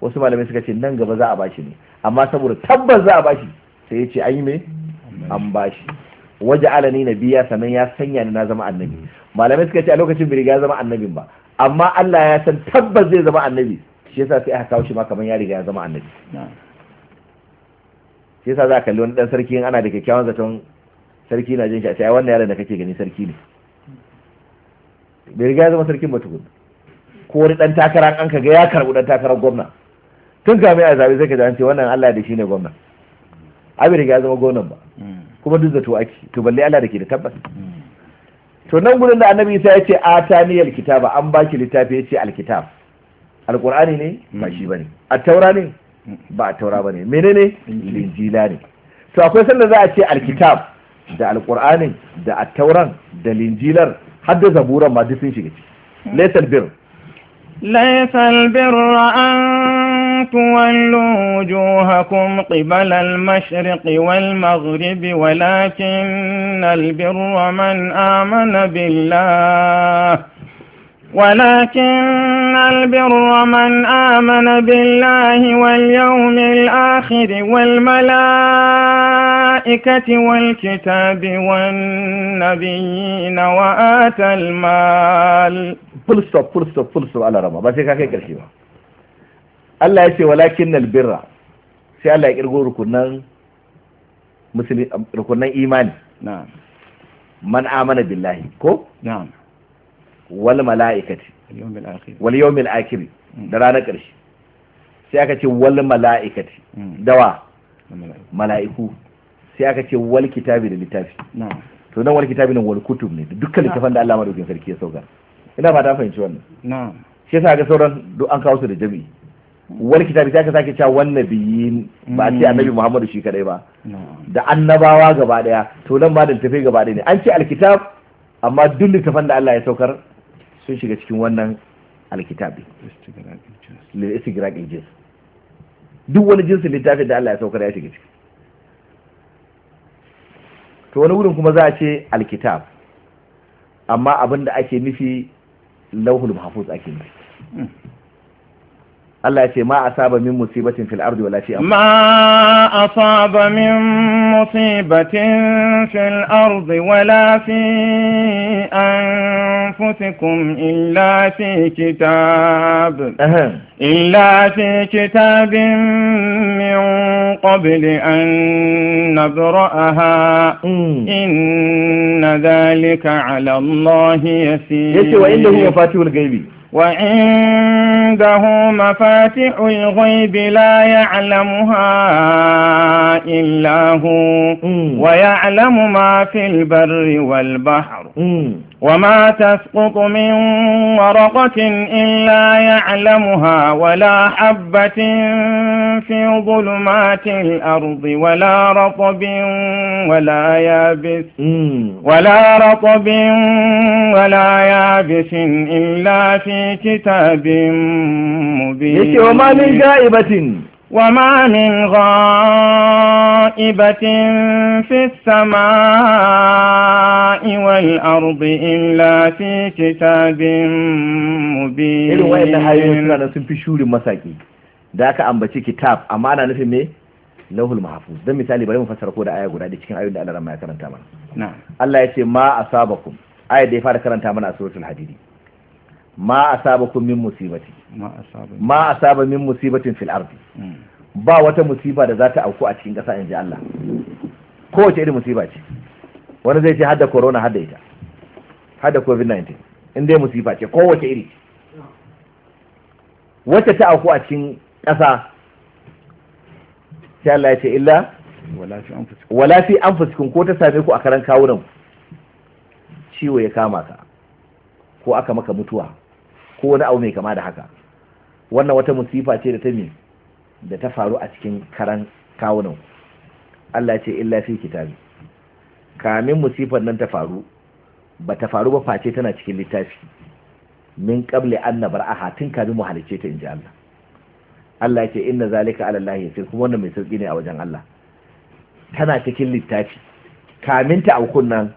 B: wasu malamai suka ce nan gaba za a bashi ne amma saboda tabbas za a bashi sai ya ce an yi me an bashi waje alani biya sannan ya sanya ni na zama annabi malamai suka ce a lokacin bai riga ya zama annabin ba amma Allah ya san tabbas zai zama annabi shi yasa sai aka kawo shi ma kamar ya riga ya zama annabi shi yasa za a kalli wani dan sarki in ana da kyakkyawan zaton sarki na jin shi a cewa wannan yaron da kake gani sarki ne bai riga ya zama sarkin ba tukun ko wani dan takara an ka ga ya karbu dan takarar gwamna tun kafin a zabe sai ka ji an ce wannan Allah da shi ne gwamna abin riga ya zama gwamnan ba kuma duk zato ake to balle Allah da ke da tabbas to nan gudun da annabi isa ya ce a kitaba alkitaba an baki littafi ya ce alkitab alkur'ani ne ba shi bane a taura ne ba a taura bane menene linjila ne to akwai sanda za a ce alkitab da alqur'ani da a tauran da linjilar har da zaburan ma duk sun shiga ciki laysal bir
A: laysal birra an تولوا وجوهكم قبل المشرق والمغرب ولكن البر من آمن بالله ولكن البر من آمن بالله واليوم الآخر والملائكة والكتاب
B: والنبيين وآتى المال فلسطة فلسطة فلسطة على رمى بس هيك هيك Allah ya ce walakin birra sai Allah ya kirgo rukunan musulmi rukunan imani na'am man amana billahi ko na'am wal mala'ikati wal yawmil akhir mm. da ranar ƙarshe sai aka ce wal mala'ikati mm. dawa mala'iku sai aka ce wal kitabi da littafi na'am to nan wal kitabi nan wal kutub ne dukkan littafan da Allah madaukakin sarki ya sauka ina fata fahimci wannan na'am shi yasa ga sauran duk an kawo su da jami'i wani kitabi sai ka sake cewa wannan biyin ba ce hmm. annabi Muhammadu shi kadai ba da annabawa gaba daya to nan ba da tafi gaba daya ne an ce alkitab amma duk littafan da Allah ya saukar sun shiga cikin wannan alkitabi istigraqil jins duk wani jinsin littafi da Allah ya saukar ya shiga ciki to wani wurin kuma za a ce alkitab amma abin da ake nufi lauhul mahfuz ake nufi hmm. Allah ya ce ma asaba min musibatin fil ardi wala fi
A: ma asaba min musibatin fil ardi wala fi anfusikum illa fi kitab illa fi kitabin min qabl an nabraha inna dhalika ala Allah yasir yace wa indahu mafatihul ghaibi وعنده مفاتح الغيب لا يعلمها إلا هو ويعلم ما في البر والبحر وما تسقط من ورقة إلا يعلمها ولا حبة في ظلمات الأرض ولا رطب ولا يابس ولا رطب ولا يابس إلا في كتاب مبين وما
B: من
A: wa ma min ga ibatin fi sama iwa yi arubi in la fi mu bi irin wa yadda hayo
B: sun fi shuri masaki da aka ambaci kitab amma ana nufin me lahul mahafu don misali bari mu fassara ko da aya guda da cikin ayoyin da ana rama ya karanta mana Allah ya ce ma a sabakun ayar da ya fara karanta mana a surutun hadidi ma asabakum min musibati ma asaba min musibatin fil ardi ba wata musiba da za ta auku a cikin ƙasa in ji Allah kowace irin musiba ce wani zai ce hadda corona hadda ita hadda covid-19 in dai musiba ce kowace iri wacce ta auku a cikin ƙasa sai Allah ya ce illa wala fi anfusikum ko ta same ku a karan kawunan ciwo ya kama ka ko aka maka mutuwa ko wani abu mai kama da haka wannan wata musifa ce da ta mi da ta faru a cikin karan kawunan Allah ce illa fi kitabi kamin musifar nan ta faru ba ta faru ba face tana cikin littafi min qabli an nabar'aha tun kamin mu halice ta inji Allah Allah ya ce inna zalika ala Allah yasir kuma wannan mai sauki ne a wajen Allah tana cikin littafi kamin ta aukun nan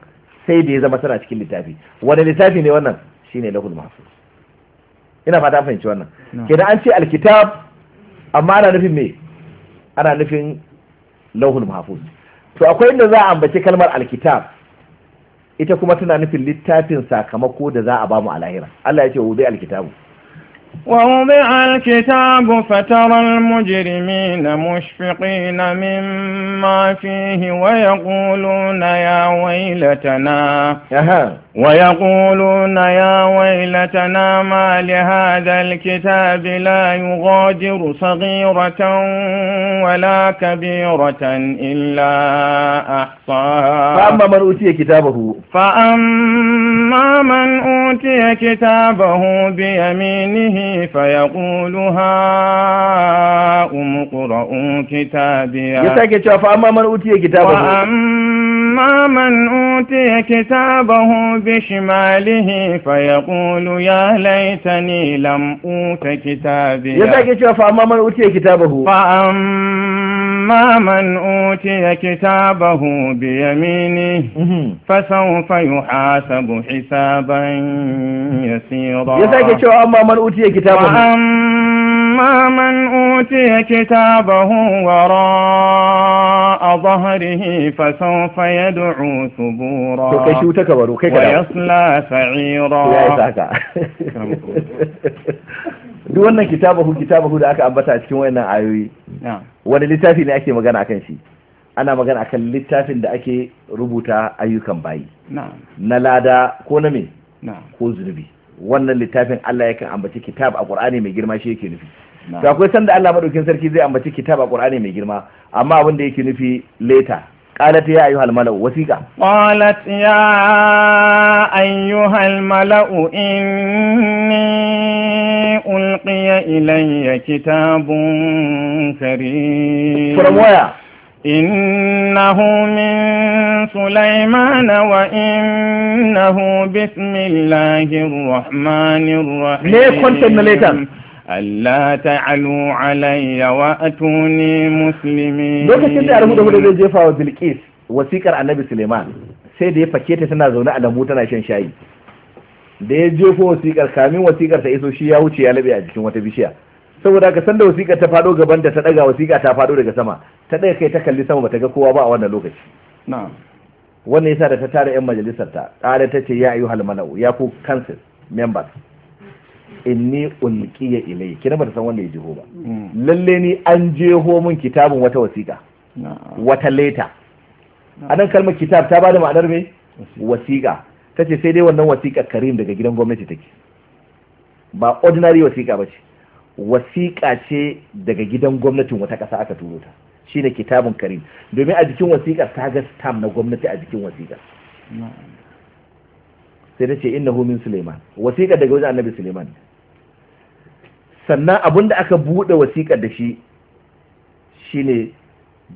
B: sai da ya zama tana cikin littafi wani littafi ne wannan shine lahul mahfuz ina fata fahimci wannan kenan an ce alkitab amma ana nufin me ana nufin lauhul mahfuz to akwai inda za a ambaci kalmar alkitab ita kuma tana nufin littafin sakamako da za a bamu a lahira Allah ya ce wa zai alkitabu
A: ووضع الكتاب فترى المجرمين مشفقين مما فيه ويقولون يا ويلتنا ويقولون يا ويلتنا ما لهذا الكتاب لا يغادر صغيرة ولا كبيرة إلا أحصاها فأما
B: من أوتي كتابه
A: فأما من أوتي كتابه بيمينه به فيقول هاؤم اقرءوا كتابيا يساك
B: فأما من أوتي كتابه
A: وأما من أوتي كتابه بشماله فيقول يا ليتني لم أوت كتابيا يساك فأما من أوتي كتابه فأما أما من أوتي كتابه بيمينه فسوف يحاسب حسابا يسيرا وأما من أوتي كتابه وراء ظهره فسوف يدعو ثبورا
C: ويصلى
B: سعيرا duk wannan kitabahu kitabahu da aka ambata a cikin wayannan ayoyi wani littafi ne ake magana akan shi ana magana akan littafin da ake rubuta ayyukan bayi na lada ko na me ko zunubi wannan littafin Allah yakan ambaci kitab a Qur'ani mai girma shi yake nufi to akwai sanda Allah madaukin sarki zai ambaci kitab a Qur'ani mai girma amma abin da yake nufi leta qalat ya ayyuhal mala'u wasiqa
A: qalat ya ayyuhal mala'u inni innahu min sulaima nawa innahu bisimilahi ruwa mani ruwa ne kontent nilai ta. allah alayya wa'utu ni
B: musulmi. lokacin da ya nufa hudu jefa wa bilkisu wasikar alabi sulaiman sai da ya fakke ta tana zaune alamu tana shan shayi. da ya jefo wasikar kamin wasikar ta iso shi ya wuce ya labe a jikin wata bishiya saboda ka sanda wasikar ta fado gaban da ta daga wasika ta fado daga sama ta daga kai ta kalli sama bata ga kowa ba a wannan lokaci wannan yasa da ta tara yan majalisar ta kare ta ce ya ayyuhal malau ya ku council members inni ulqiya ilay kina bata san wanda ya jeho ba mm. lalle ni an jeho mun kitabun wata wasika wata leta anan kalmar kitab ta bada ma'anar me wasika. ta ce sai dai wannan wasiƙa karim daga gidan gwamnati take ba ordinary wasiƙa ba ce wasiƙa ce daga gidan gwamnatin wata ƙasa aka turo ta shi ne kitabun karim domin a jikin wasiƙar ta ga stam na gwamnati a jikin wasiƙar sai ta ce inna min suleiman wasiƙa daga wajen annabi suleiman sannan abin da aka buɗe wasiƙa da shi shine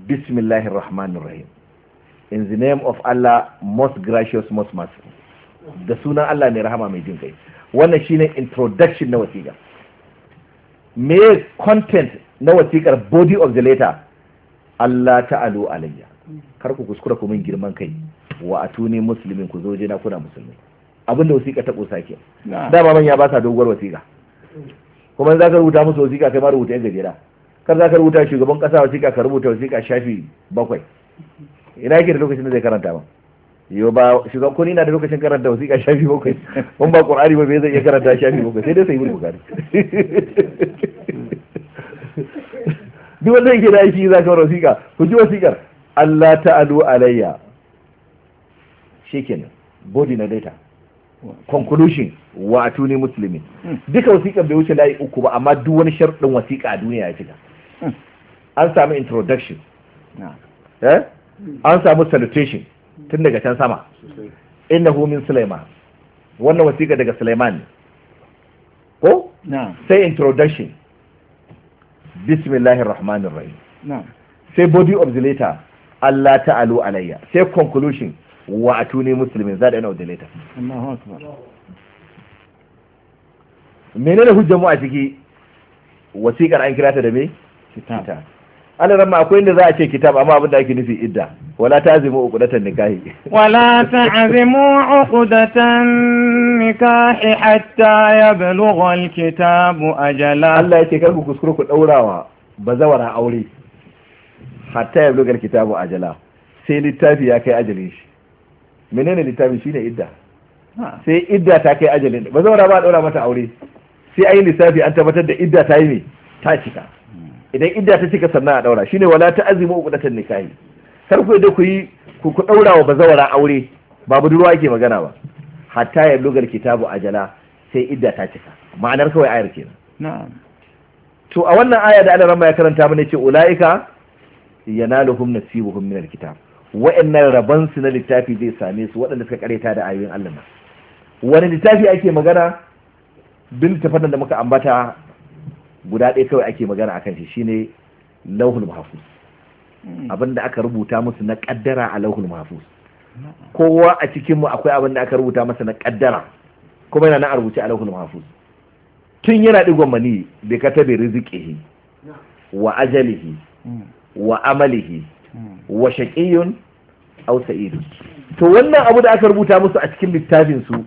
B: bismillahir rahmanir rahim in the name of allah most gracious most merciful da sunan Allah mai rahama mai jin kai wannan shine introduction na wasiƙa me content na wasiƙar body of the letter Allah ta'alu alayya kar ku kuskura ku min girman kai wa atuni muslimin ku zo jina kuna musulmi abinda wasiƙa ta kosa ke dama manya ba sa doguwar wasiƙa kuma za ka rubuta musu wasiƙa kai ma rubuta yan gajera kar za ka rubuta shugaban ƙasa wasiƙa ka rubuta wasiƙa shafi bakwai ina yake da lokacin da zai karanta ba yo ba shugaban ko na da lokacin karanta wasiƙa shafi bakwai kun ba qur'ani ba bai zai iya karanta shafi bakwai sai dai sai bukari duk wanda yake da aiki za ka wasiƙa ku ji wasiƙar Allah ta'alu alayya Shekin, body na data conclusion wa tuni muslimin duka wasiƙar bai wuce layi uku ba amma duk wani sharɗin wasiƙa a duniya ya cika hmm. an samu introduction eh? an samu salutation tun daga can sama innahu min sulaiman wannan wasiƙa daga sulaiman ko sai introduction bismillahir rahmanir rahim sai body letter Allah ta'alu alayya sai conclusion wa atuni muslimin za da yana obsulator menene hujjar mu a ciki wasiƙar an kira ta da me kitab ana zama akwai inda za a ce kitab amma abin da ake nufi idda wala ta'zimu uqdatan nikahi
A: wala ta'zimu uqdatan nikahi hatta yablugha
B: alkitab ajala Allah yake kar ku kuskure ku daurawa bazawara aure hatta yablugha alkitab ajala sai littafi ya kai ajalin shi menene littafi shine idda sai idda ta kai ajalin bazawara ba daura mata aure sai ayi lissafi an tabbatar da idda ta yi ne ta cika idan idda ta cika sannan a daura shine wala ta'zimu uqdatan nikahi kar ku da ku yi ku ku daura wa bazawara aure ba budurwa yake magana ba hatta ya lugar kitabu ajala sai idda ta cika ma'anar kawai ayar kenan na'am to a wannan aya da Allah ramma ya karanta mana ce ulaika yanaluhum nasibuhum min alkitab wa'annan raban su na littafi zai same su waɗanda suka kareta da ayoyin Allah wani littafi ake magana bin tafadan da muka ambata guda ɗaya kawai ake magana a kan shi shine lauhul mahfuz hmm. da aka rubuta musu na kaddara a lauhul mahfuz hmm. kowa a cikinmu akwai abin da aka rubuta masa na kaddara kuma yana na rubuce a lauhul mahfuz tun yana digon mani bai katabe rizqihi wa ajalihi hmm. wa amalihi wa shaqiyun aw sa'id to wannan abu da aka rubuta musu a cikin littafin su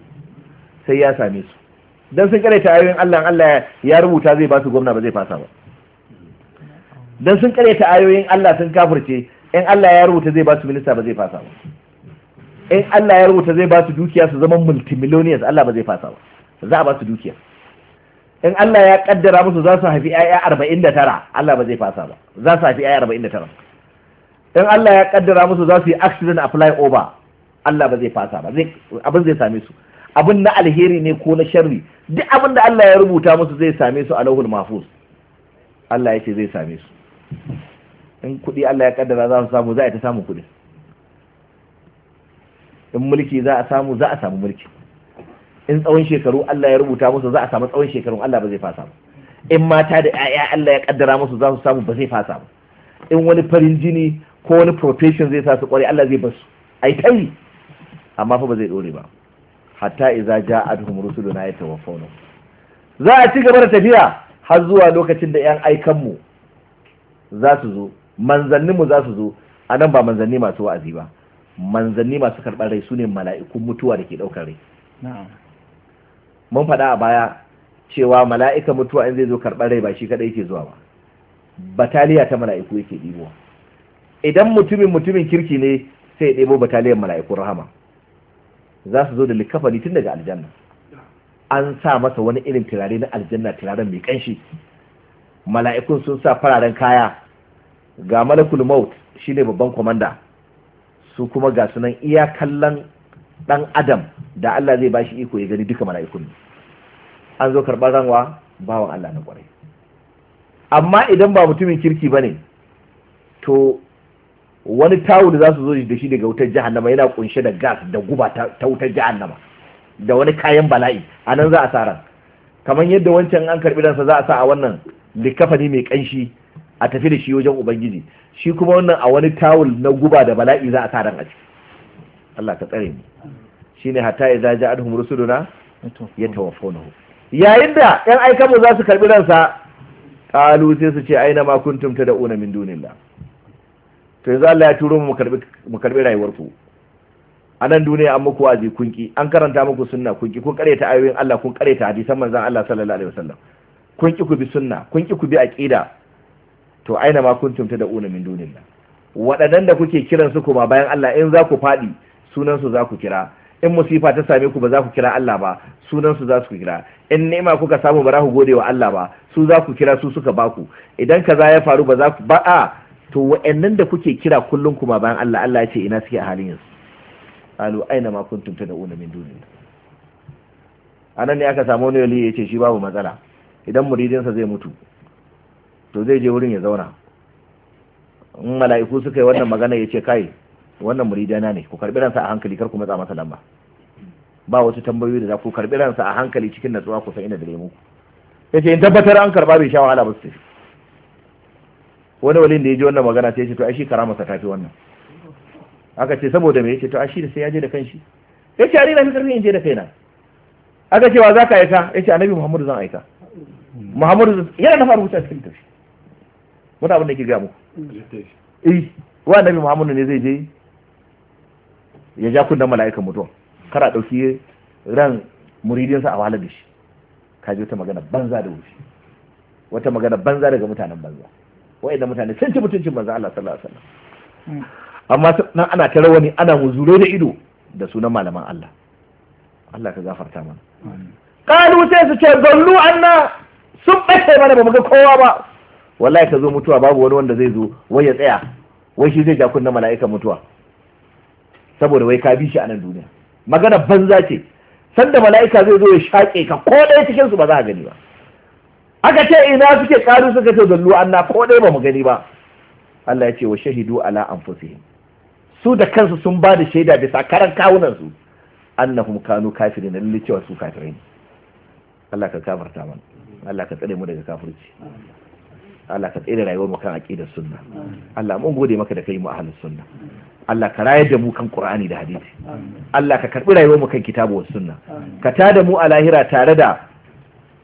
B: sai ya same su Don sun ta ayoyin Allah Allah ya rubuta zai ba su gwamna ba zai fasa ba Don sun ta ayoyin Allah sun kafirce in Allah ya rubuta zai ba su minista ba zai fasa ba in Allah ya rubuta zai ba su dukiya su zama multimillionaires Allah ba zai fasa ba za a ba su dukiya in Allah ya kaddara musu za su haifi 'ya'ya arba'in da tara Allah ba zai fasa ba za su haifi 'ya'ya arba'in da tara in Allah ya kaddara musu za su yi accident a fly over Allah ba zai fasa ba abin zai same su abin na alheri ne ko na sharri duk abin da Allah ya rubuta musu zai same su a lauhul mafuz Allah ya ce zai same su in kuɗi Allah ya kaddara za su samu za a ta samu kuɗi in mulki za a samu za a samu mulki in tsawon shekaru Allah ya rubuta musu za a samu tsawon shekaru, Allah ba zai fasa ba in mata da 'ya'ya Allah ya kaddara musu za su samu ba zai fasa ba in wani farin jini ko wani profession zai sa su kware Allah zai basu ai kai amma fa ba zai dore ba hatta idza ja'atuhum rusuluna yatawaffawna za a ci gaba da tafiya har zuwa lokacin da yan aikan mu za su zo manzanni mu za su zo anan ba manzanni masu wa'azi ba manzanni masu karɓar rai sune mala'ikun mutuwa da ke ɗaukar rai mun faɗa a baya cewa mala'ika mutuwa in zai zo karɓar rai ba shi kaɗai yake zuwa ba bataliya ta mala'iku yake ɗibowa idan mutumin mutumin kirki ne sai ya ɗebo bataliyar mala'ikun rahama za su zo da likafani tun daga aljanna an sa masa wani irin turare na aljanna turaren mai kanshi mala'ikun sun sa fararen kaya ga malakul maut shine babban kwamanda su kuma ga sunan iya kallon dan adam da Allah zai bashi iko ya gani duka mala'ikun an zo karɓar ranwa bawan Allah na kwarai amma idan ba mutumin kirki ba ne, to wani tawul da za su zo da shi daga wutar jahannama yana kunshe da gas da guba ta wutar jahannama da wani kayan bala'i a nan za a sa ran kamar yadda wancan an karbi dansa, za a sa a wannan likafani mai kanshi a tafi da shi wajen ubangiji shi kuma wannan a wani tawul na guba da bala'i za a sa ran a ciki Allah ka tsare mu shine hatta idza ja'adhum rusuluna yatawaffunahu yayin da yan aikan za su karbi ransa qalu sai su ce aina ma kuntum tad'una min dunillah to yanzu Allah ya turo mu mu karbi rayuwar ku a nan duniya an muku wazi kunki an karanta muku sunna kunki kun kareta ayoyin Allah kun kareta hadisan manzon Allah sallallahu alaihi wasallam kun ki ku bi sunna kun ki ku bi aqida to aina ma kun tumta da una min nan wadannan da kuke kiran su kuma bayan Allah in za ku fadi sunan su za ku kira in musifa ta same ku ba za ku kira Allah ba sunan su za su kira in ni'ima kuka samu ba za ku gode wa Allah ba su za ku kira su suka baku idan kaza ya faru ba za ku ba a to wa'annan da kuke kira kullum kuma bayan Allah Allah ya ce ina suke a halin yanzu alu aina ma kuntum una min dunillah anan ne aka samu wani wali ce shi babu matsala idan muridinsa zai mutu to zai je wurin ya zauna in mala'iku suka yi wannan magana ce kai wannan muridana ne ku karbi ransa a hankali kar ku matsa masa lamba ba wasu tambayoyi da za ku karbi ransa a hankali cikin natsuwa ku san ina da lemu yace in tabbatar an karba bai sha wahala ba su tafi wani walin da ya ji wannan magana sai ya ce to ai shi karamarsa ta fi wannan aka ce saboda me ya ce to ai shi da sai ya je da kanshi ya ce ari na fi karfin in je da kaina aka ce wa za ka aika ya ce annabi muhammadu zan aika muhammadu yana na faru wuta cikin tafi wata abin da ke gamu. muku eh wa annabi muhammadu ne zai je ya ja kundan mala'ikan mutuwa kara dauki ran muridinsa a wahalar da shi ka ji wata magana banza da wuce wata magana banza daga mutanen banza Waɗanda mutane sun ci mutuncin manzo Allah sallallahu alaihi
C: wasallam hmm.
B: amma nan ana ta rawani ana huzure da ido da sunan malaman Allah Allah ka gafarta mana
A: qalu sai su ce zallu anna sun bace mana ba mu ga kowa ba
B: wallahi ka zo mutuwa babu wani wanda zai zo wai ya tsaya wai shi zai ja kunna mala'ika mutuwa saboda wai ka bi shi a nan duniya magana banza ce sanda mala'ika zai zo ya shaƙe ka ko ɗaya cikin su ba za a gani ba aka ce ina suke karu suka ce dallu anna ko dai ba mu gani ba Allah ya ce wa shahidu ala anfusihim su da kansu sun ba da shaida bisa karan kawunan su annahum kanu kafirin lalle cewa su kafirai ne Allah ka kafarta mana Allah ka tsare mu daga kafirci Allah ka tsare rayuwar mu kan aqidar sunna Allah mun gode maka da kai mu ahlus sunna Allah ka rayar da mu kan Qur'ani da hadisi Allah ka karbi rayuwar mu kan kitabu was sunna ka tada mu a lahira tare da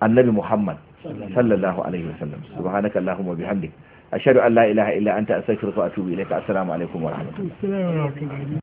B: Annabi Muhammad
C: sallallahu
B: alaihi wasallam subhanaka allahumma bihamdik ashhadu an la ilaha illa anta astaghfiruka wa atubu ilaika assalamu alaikum wa
C: rahmatullahi